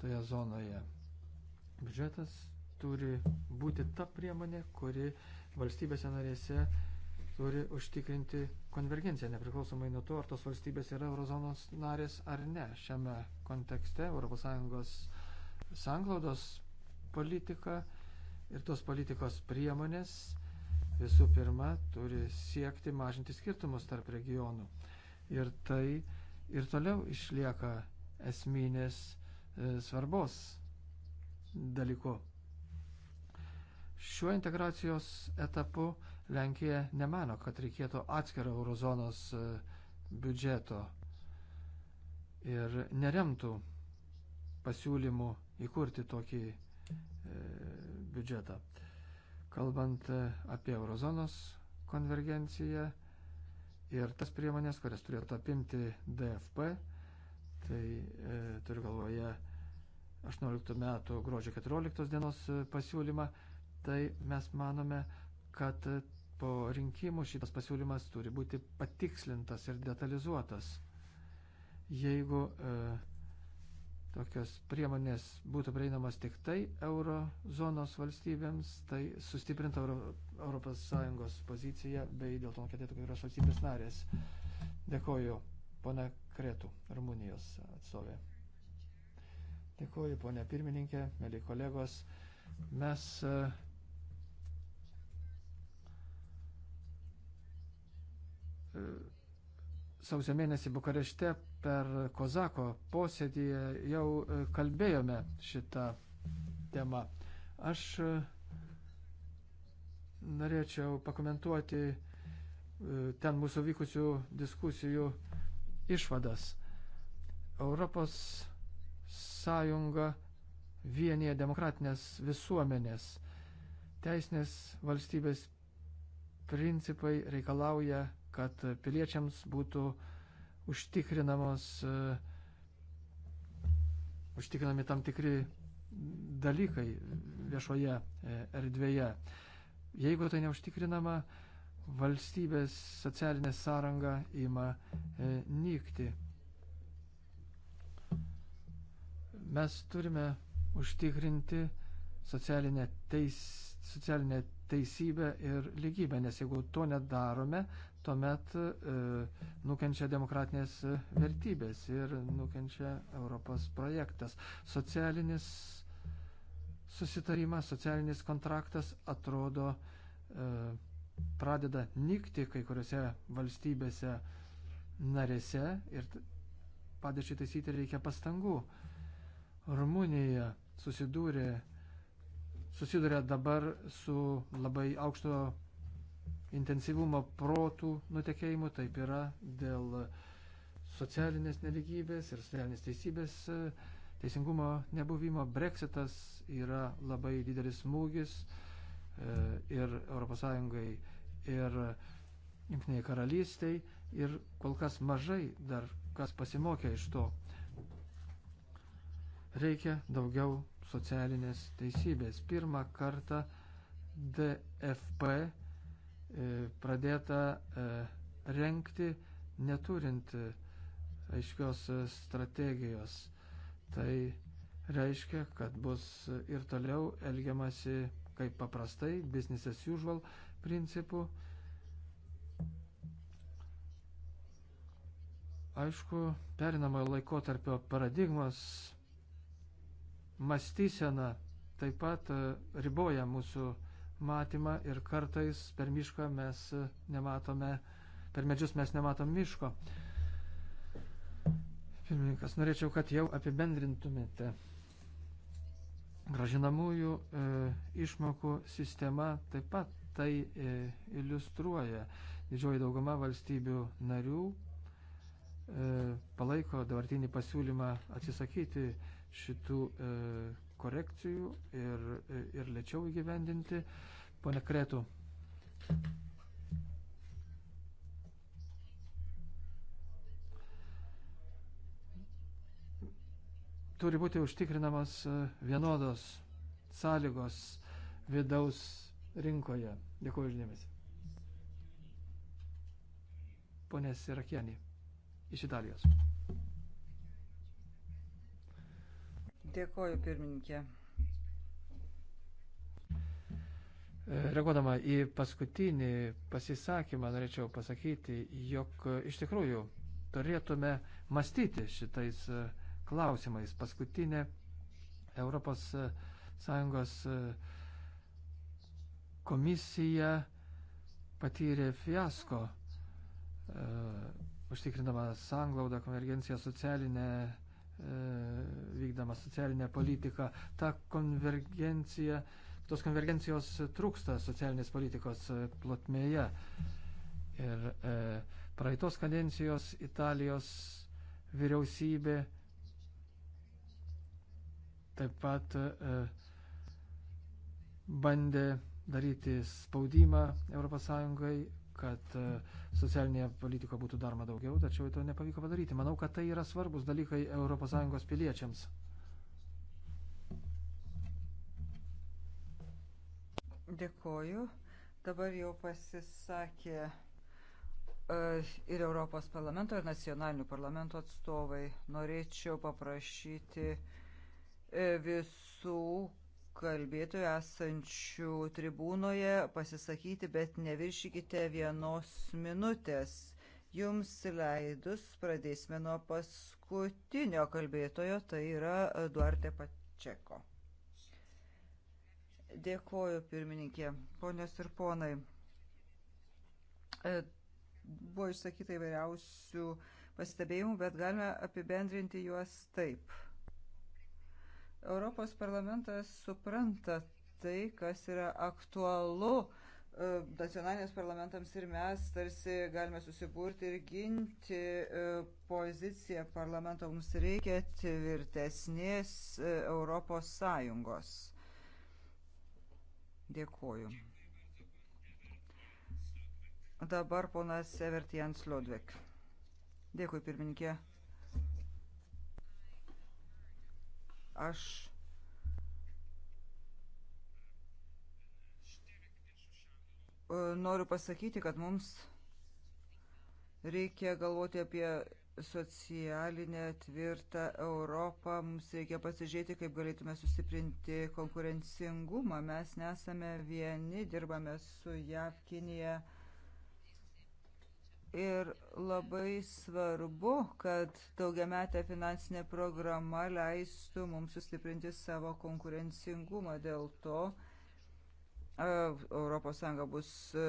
toje zonoje. Biudžetas turi būti ta priemonė, kuri valstybėse narėse turi užtikrinti konvergenciją, nepriklausomai nuo to, ar tos valstybės yra eurozonos narės ar ne. Šiame kontekste ES sanglaudos politika ir tos politikos priemonės visų pirma turi siekti mažinti skirtumus tarp regionų. Ir tai ir toliau išlieka esminės e, svarbos dalyku. Šiuo integracijos etapu Lenkija nemano, kad reikėtų atskiro eurozonos e, biudžeto ir neremtų pasiūlymų įkurti tokį e, biudžetą. Kalbant e, apie eurozonos konvergenciją ir tas priemonės, kurias turėtų apimti DFP, tai e, turiu galvoje 18 metų gruodžio 14 dienos e, pasiūlymą, tai mes manome, kad e, po rinkimų šitas pasiūlymas turi būti patikslintas ir detalizuotas. Jeigu e, tokios priemonės būtų prieinamos tik tai eurozonos valstybėms, tai sustiprintų Euro, ES poziciją bei dėl to nukentėtų kai kurios valstybės narės. Dėkoju, pana Kretų, Rumunijos atstovė. Dėkoju, ponia pirmininkė, mėly kolegos. Mes uh, sausio mėnesį Bukarešte per Kozako posėdį jau e, kalbėjome šitą temą. Aš e, norėčiau pakomentuoti e, ten mūsų vykusių diskusijų išvadas. Europos Sąjunga vienyje demokratinės visuomenės. Teisinės valstybės principai reikalauja kad piliečiams būtų užtikrinamos, e, užtikrinami tam tikri dalykai viešoje e, erdvėje. Jeigu tai neužtikrinama, valstybės socialinė sąranga ima e, nykti. Mes turime užtikrinti socialinę, teis, socialinę teisybę ir lygybę, nes jeigu to nedarome, tuomet e, nukenčia demokratinės vertybės ir nukenčia Europos projektas. Socialinis susitarimas, socialinis kontraktas atrodo e, pradeda nikti kai kuriuose valstybėse narėse ir padėčiai taisyti reikia pastangų. Rumunija susidūrė, susidūrė dabar su labai aukšto intensyvumo protų nutekėjimų, taip yra dėl socialinės neligybės ir socialinės teisybės, e, teisingumo nebuvimo. Brexitas yra labai didelis smūgis e, ir ES, ir Junktiniai karalystiai, ir kol kas mažai dar kas pasimokė iš to. Reikia daugiau socialinės teisybės. Pirmą kartą DFP E, pradėta e, renkti neturint e, aiškios strategijos. Tai reiškia, kad bus ir toliau elgiamasi kaip paprastai, business as usual principu. Aišku, perinamojo laikotarpio paradigmos mąstysena taip pat riboja mūsų matymą ir kartais per mišką mes nematome, per medžius mes nematom miško. Pirmininkas, norėčiau, kad jau apibendrintumėte. Gražinamųjų e, išmokų sistema taip pat tai e, iliustruoja. Didžioji dauguma valstybių narių e, palaiko dabartinį pasiūlymą atsisakyti šitų e, korekcijų ir, ir lėčiau įgyvendinti. Pone Kretų. Turi būti užtikrinamos e, vienodos sąlygos vidaus rinkoje. Dėkuoju uždėmesi. Ponės Sirakienį iš Italijos. Dėkoju, pirmininkė. E, reaguodama į paskutinį pasisakymą, norėčiau pasakyti, jog iš tikrųjų turėtume mąstyti šitais e, klausimais. Paskutinė Europos e, Sąjungos komisija patyrė fiasko, užtikrindama sanglaudą, konvergenciją, socialinę E, vykdama socialinė politika. Ta konvergencija, tos konvergencijos trūksta socialinės politikos plotmėje. Ir e, praeitos kadencijos Italijos vyriausybė taip pat e, bandė daryti spaudimą ES, kad e, socialinėje politikoje būtų daroma daugiau, tačiau to nepavyko padaryti. Manau, kad tai yra svarbus dalykai ES piliečiams. Dėkoju. Dabar jau pasisakė e, ir Europos parlamento, ir nacionalinių parlamento atstovai. Norėčiau paprašyti e, visų kalbėtojų esančių tribūnoje pasisakyti, bet neviršykite vienos minutės. Jums leidus pradėsime nuo paskutinio kalbėtojo, tai yra Duarte Pačeko. Dėkoju, pirmininkė. Ponios ir ponai, e, buvo išsakyta įvairiausių pastebėjimų, bet galime apibendrinti juos taip. Europos parlamentas supranta tai, kas yra aktualu e, nacionalinės parlamentams ir mes tarsi galime susiburti ir ginti e, poziciją parlamento. Mums reikia tvirtesnės e, Europos Sąjungos. Dėkuoju. Dabar ponas Evertijans Lodvik. Dėkui, pirmininkė. Aš e, noriu pasakyti, kad mums reikia galvoti apie socialinę tvirtą Europą, mums reikia pasižiūrėti, kaip galėtume sustiprinti konkurencingumą. Mes nesame vieni, dirbame su JAV, Kinija, Ir labai svarbu, kad daugiametė finansinė programa leistų mums sustiprinti savo konkurencingumą. Dėl to ES bus e,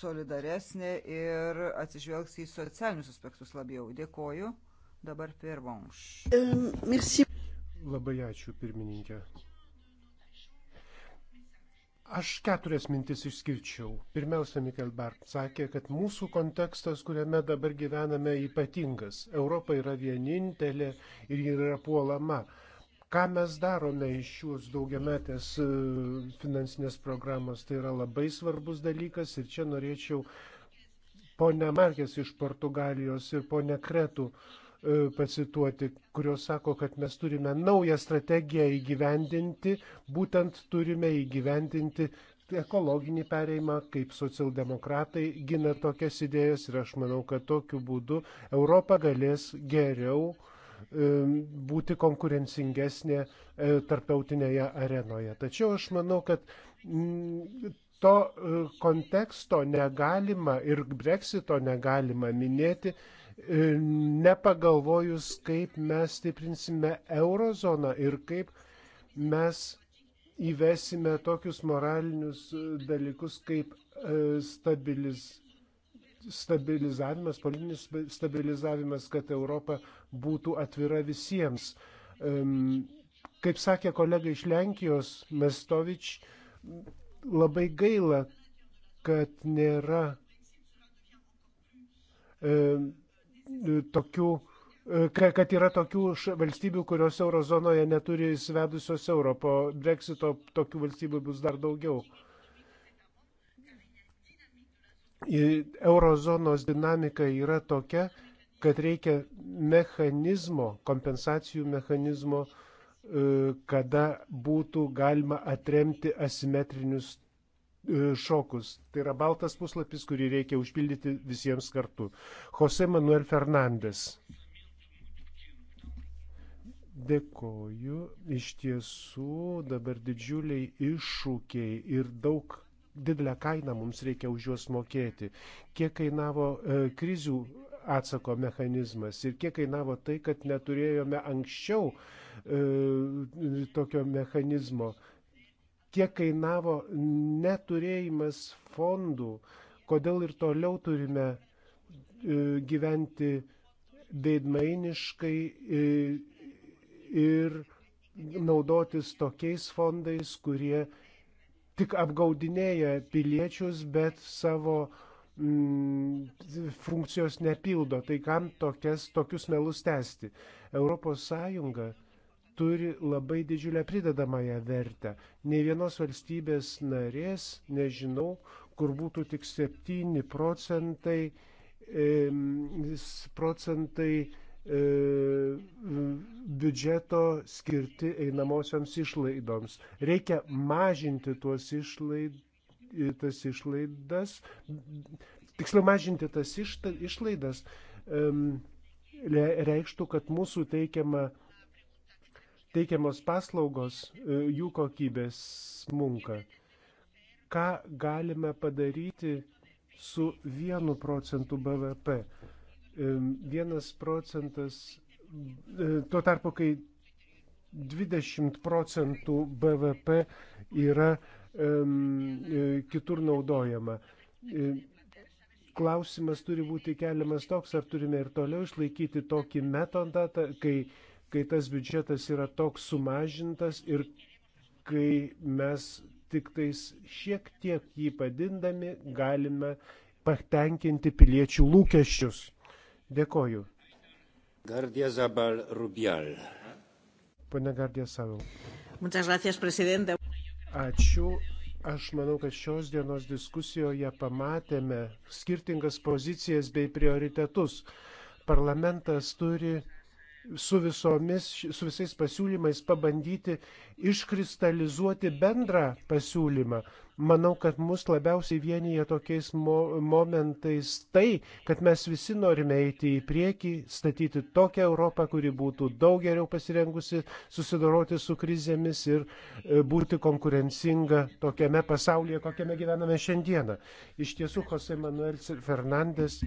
solidaresnė ir atsižvelgs į socialinius aspektus labiau. Dėkoju. Dabar pirmąjį. Labai ačiū, pirmininkė. Aš keturias mintis išskirčiau. Pirmiausia, Mikel Bart sakė, kad mūsų kontekstas, kuriame dabar gyvename, ypatingas. Europa yra vienintelė ir yra puolama. Ką mes darome iš šios daugiametės e, finansinės programos, tai yra labai svarbus dalykas ir čia norėčiau ponę Markės iš Portugalijos ir ponę Kretų uh, E, pacituoti, kurios sako, kad mes turime naują strategiją įgyvendinti, būtent turime įgyvendinti ekologinį pereimą, kaip socialdemokratai gina tokias idėjas ir aš manau, kad tokiu būdu Europa galės geriau e, būti konkurencingesnė e, tarptautinėje arenoje. Tačiau aš manau, kad mm, to konteksto negalima ir breksito negalima minėti E, nepagalvojus, kaip mes stiprinsime eurozoną ir kaip mes įvesime tokius moralinius dalykus kaip e, stabiliz, stabilizavimas, politinis stabilizavimas, kad Europa būtų atvira visiems. Kaip sakė kolega iš Lenkijos, Mestovič, labai gaila, kad nėra E, tokių, e, kad yra tokių valstybių, kurios eurozonoje neturi įsivedusios euro. Po breksito tokių valstybių bus dar daugiau. E, eurozonos dinamika yra tokia, kad reikia mechanizmo, kompensacijų mechanizmo, kada būtų galima atremti asimetrinius E, šokus. Tai yra baltas puslapis, kurį reikia užpildyti visiems kartu. Jose Manuel Fernandes. Dėkoju. Iš tiesų dabar didžiuliai iššūkiai ir daug didelę kainą mums reikia už juos mokėti. Kiek kainavo e, krizių atsako mechanizmas ir kiek kainavo tai, kad neturėjome anksčiau e, tokio mechanizmo. E, kiek kainavo neturėjimas fondų, kodėl ir toliau turime e, gyventi veidmainiškai e, ir naudotis tokiais fondais, kurie tik apgaudinėja piliečius, bet savo mm, funkcijos nepildo. Tai kam tokias, tokius melus tęsti? Europos Sąjunga turi labai didžiulę pridedamąją vertę. Ne vienos valstybės narės, nežinau, kur būtų tik 7 procentai, procentai e, biudžeto skirti einamosioms išlaidoms. Reikia mažinti tuos išlaid, tas išlaidas, tiksliau mažinti tas išta, išlaidas reikštų, kad mūsų teikiama teikiamos paslaugos, e, jų kokybės smunka. Ką galime padaryti su 1 procentu BVP? 1 e, procentas, e, tuo tarpu, kai 20 procentų BVP yra kitur naudojama klausimas turi būti keliamas toks, ar turime ir toliau išlaikyti tokį metodą, kai kai tas biudžetas yra toks sumažintas ir kai mes tik tais šiek tiek jį padindami galime patenkinti piliečių lūkesčius. Dėkoju. Gardija Zabal Rubial. Pane Gardija Savel. Muchas gracias, prezidente. Ačiū. Aš manau, kad šios dienos diskusijoje pamatėme skirtingas pozicijas bei prioritetus. Parlamentas turi su, visomis, su visais pasiūlymais pabandyti iškristalizuoti bendrą pasiūlymą. Manau, kad mus labiausiai vienyje tokiais mo momentais tai, kad mes visi norime eiti į priekį, statyti tokią Europą, kuri būtų daug geriau pasirengusi susidoroti su krizėmis ir e, būti konkurencinga tokiame pasaulyje, kokiame gyvename šiandieną. Iš tiesų, Jose Manuel Fernandes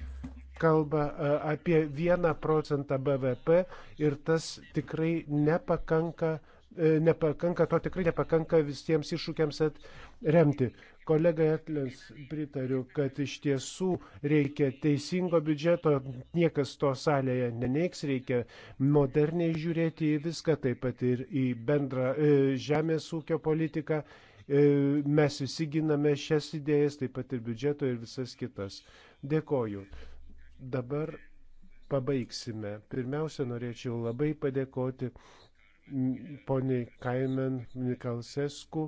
kalba e, apie 1 procentą BVP ir tas tikrai nepakanka, e, nepakanka, to tikrai nepakanka visiems iššūkiams atremti. Kolega Etlens pritariu, kad iš tiesų reikia teisingo biudžeto, niekas to salėje neneiks, reikia moderniai žiūrėti į viską, taip pat ir į bendrą e, žemės ūkio politiką. Mes visi giname šias idėjas, taip pat ir biudžeto ir visas kitas. Dėkoju dabar pabaigsime. Pirmiausia, norėčiau labai padėkoti poniai Kaimen Mikalsesku,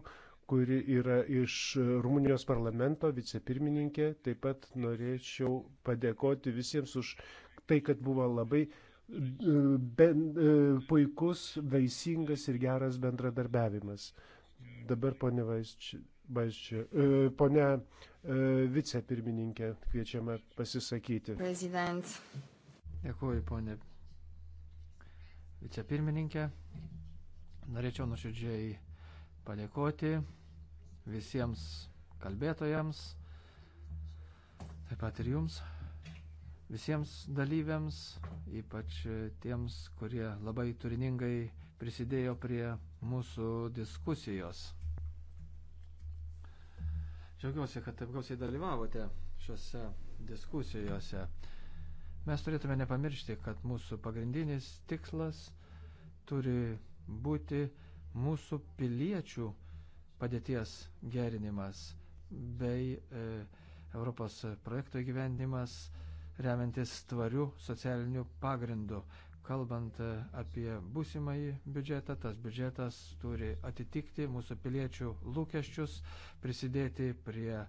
kuri yra iš Rumunijos parlamento vicepirmininkė. Taip pat norėčiau padėkoti visiems už tai, kad buvo labai e, ben, e, puikus, vaisingas ir geras bendradarbiavimas. Dabar, ponia Vaisčiai. Baščia, e, ponia e, vicepirmininkė kviečiama pasisakyti. Prezident. Dėkuoju, ponė vicepirmininkė. Norėčiau nuoširdžiai padėkoti visiems kalbėtojams, taip pat ir jums, visiems dalyviams, ypač tiems, kurie labai turiningai prisidėjo prie mūsų diskusijos. Džiaugiuosi, kad taip gausiai dalyvavote šiuose diskusijose. Mes turėtume nepamiršti, kad mūsų pagrindinis tikslas turi būti mūsų piliečių padėties gerinimas bei e, Europos projekto įgyvendimas remiantis tvarių socialinių pagrindų. Kalbant e, apie būsimąjį biudžetą, tas biudžetas turi atitikti mūsų piliečių lūkesčius, prisidėti prie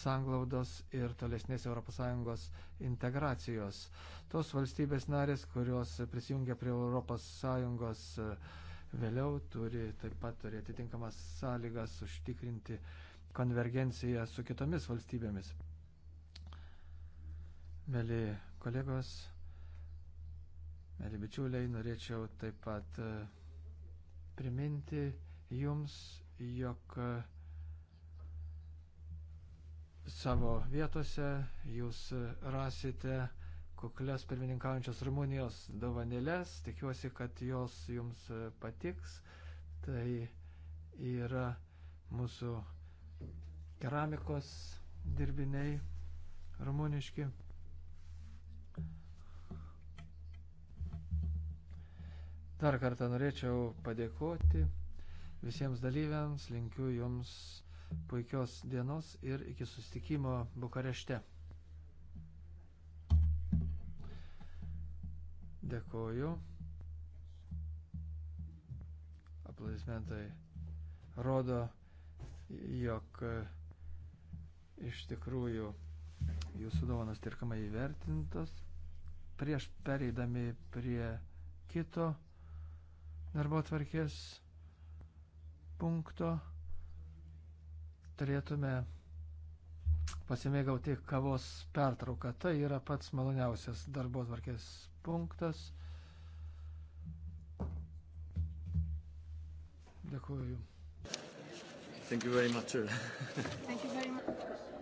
sanglaudos ir tolesnės ES integracijos. Tos valstybės narės, kurios prisijungia prie ES e, vėliau, turi taip pat turėti tinkamas sąlygas užtikrinti konvergenciją su kitomis valstybėmis. Mėly kolegos, Mėly bičiuliai, norėčiau taip pat e, priminti jums, jog e, savo vietose jūs e, rasite kuklias pirmininkaujančios Rumunijos dovanėlės. Tikiuosi, kad jos jums patiks. Tai yra mūsų keramikos dirbiniai rumuniški. Dar kartą norėčiau padėkoti visiems dalyviams, linkiu jums puikios dienos ir iki sustikimo Bukarešte. Dėkoju. Aplaudismentai rodo, jog iš tikrųjų jūsų dovanas tirkamai įvertintos. Prieš pereidami prie kito darbo tvarkės punkto turėtume pasimėgauti kavos pertrauką. Tai yra pats maloniausias darbo tvarkės punktas. Dėkuoju. Thank you very much. Thank you very much.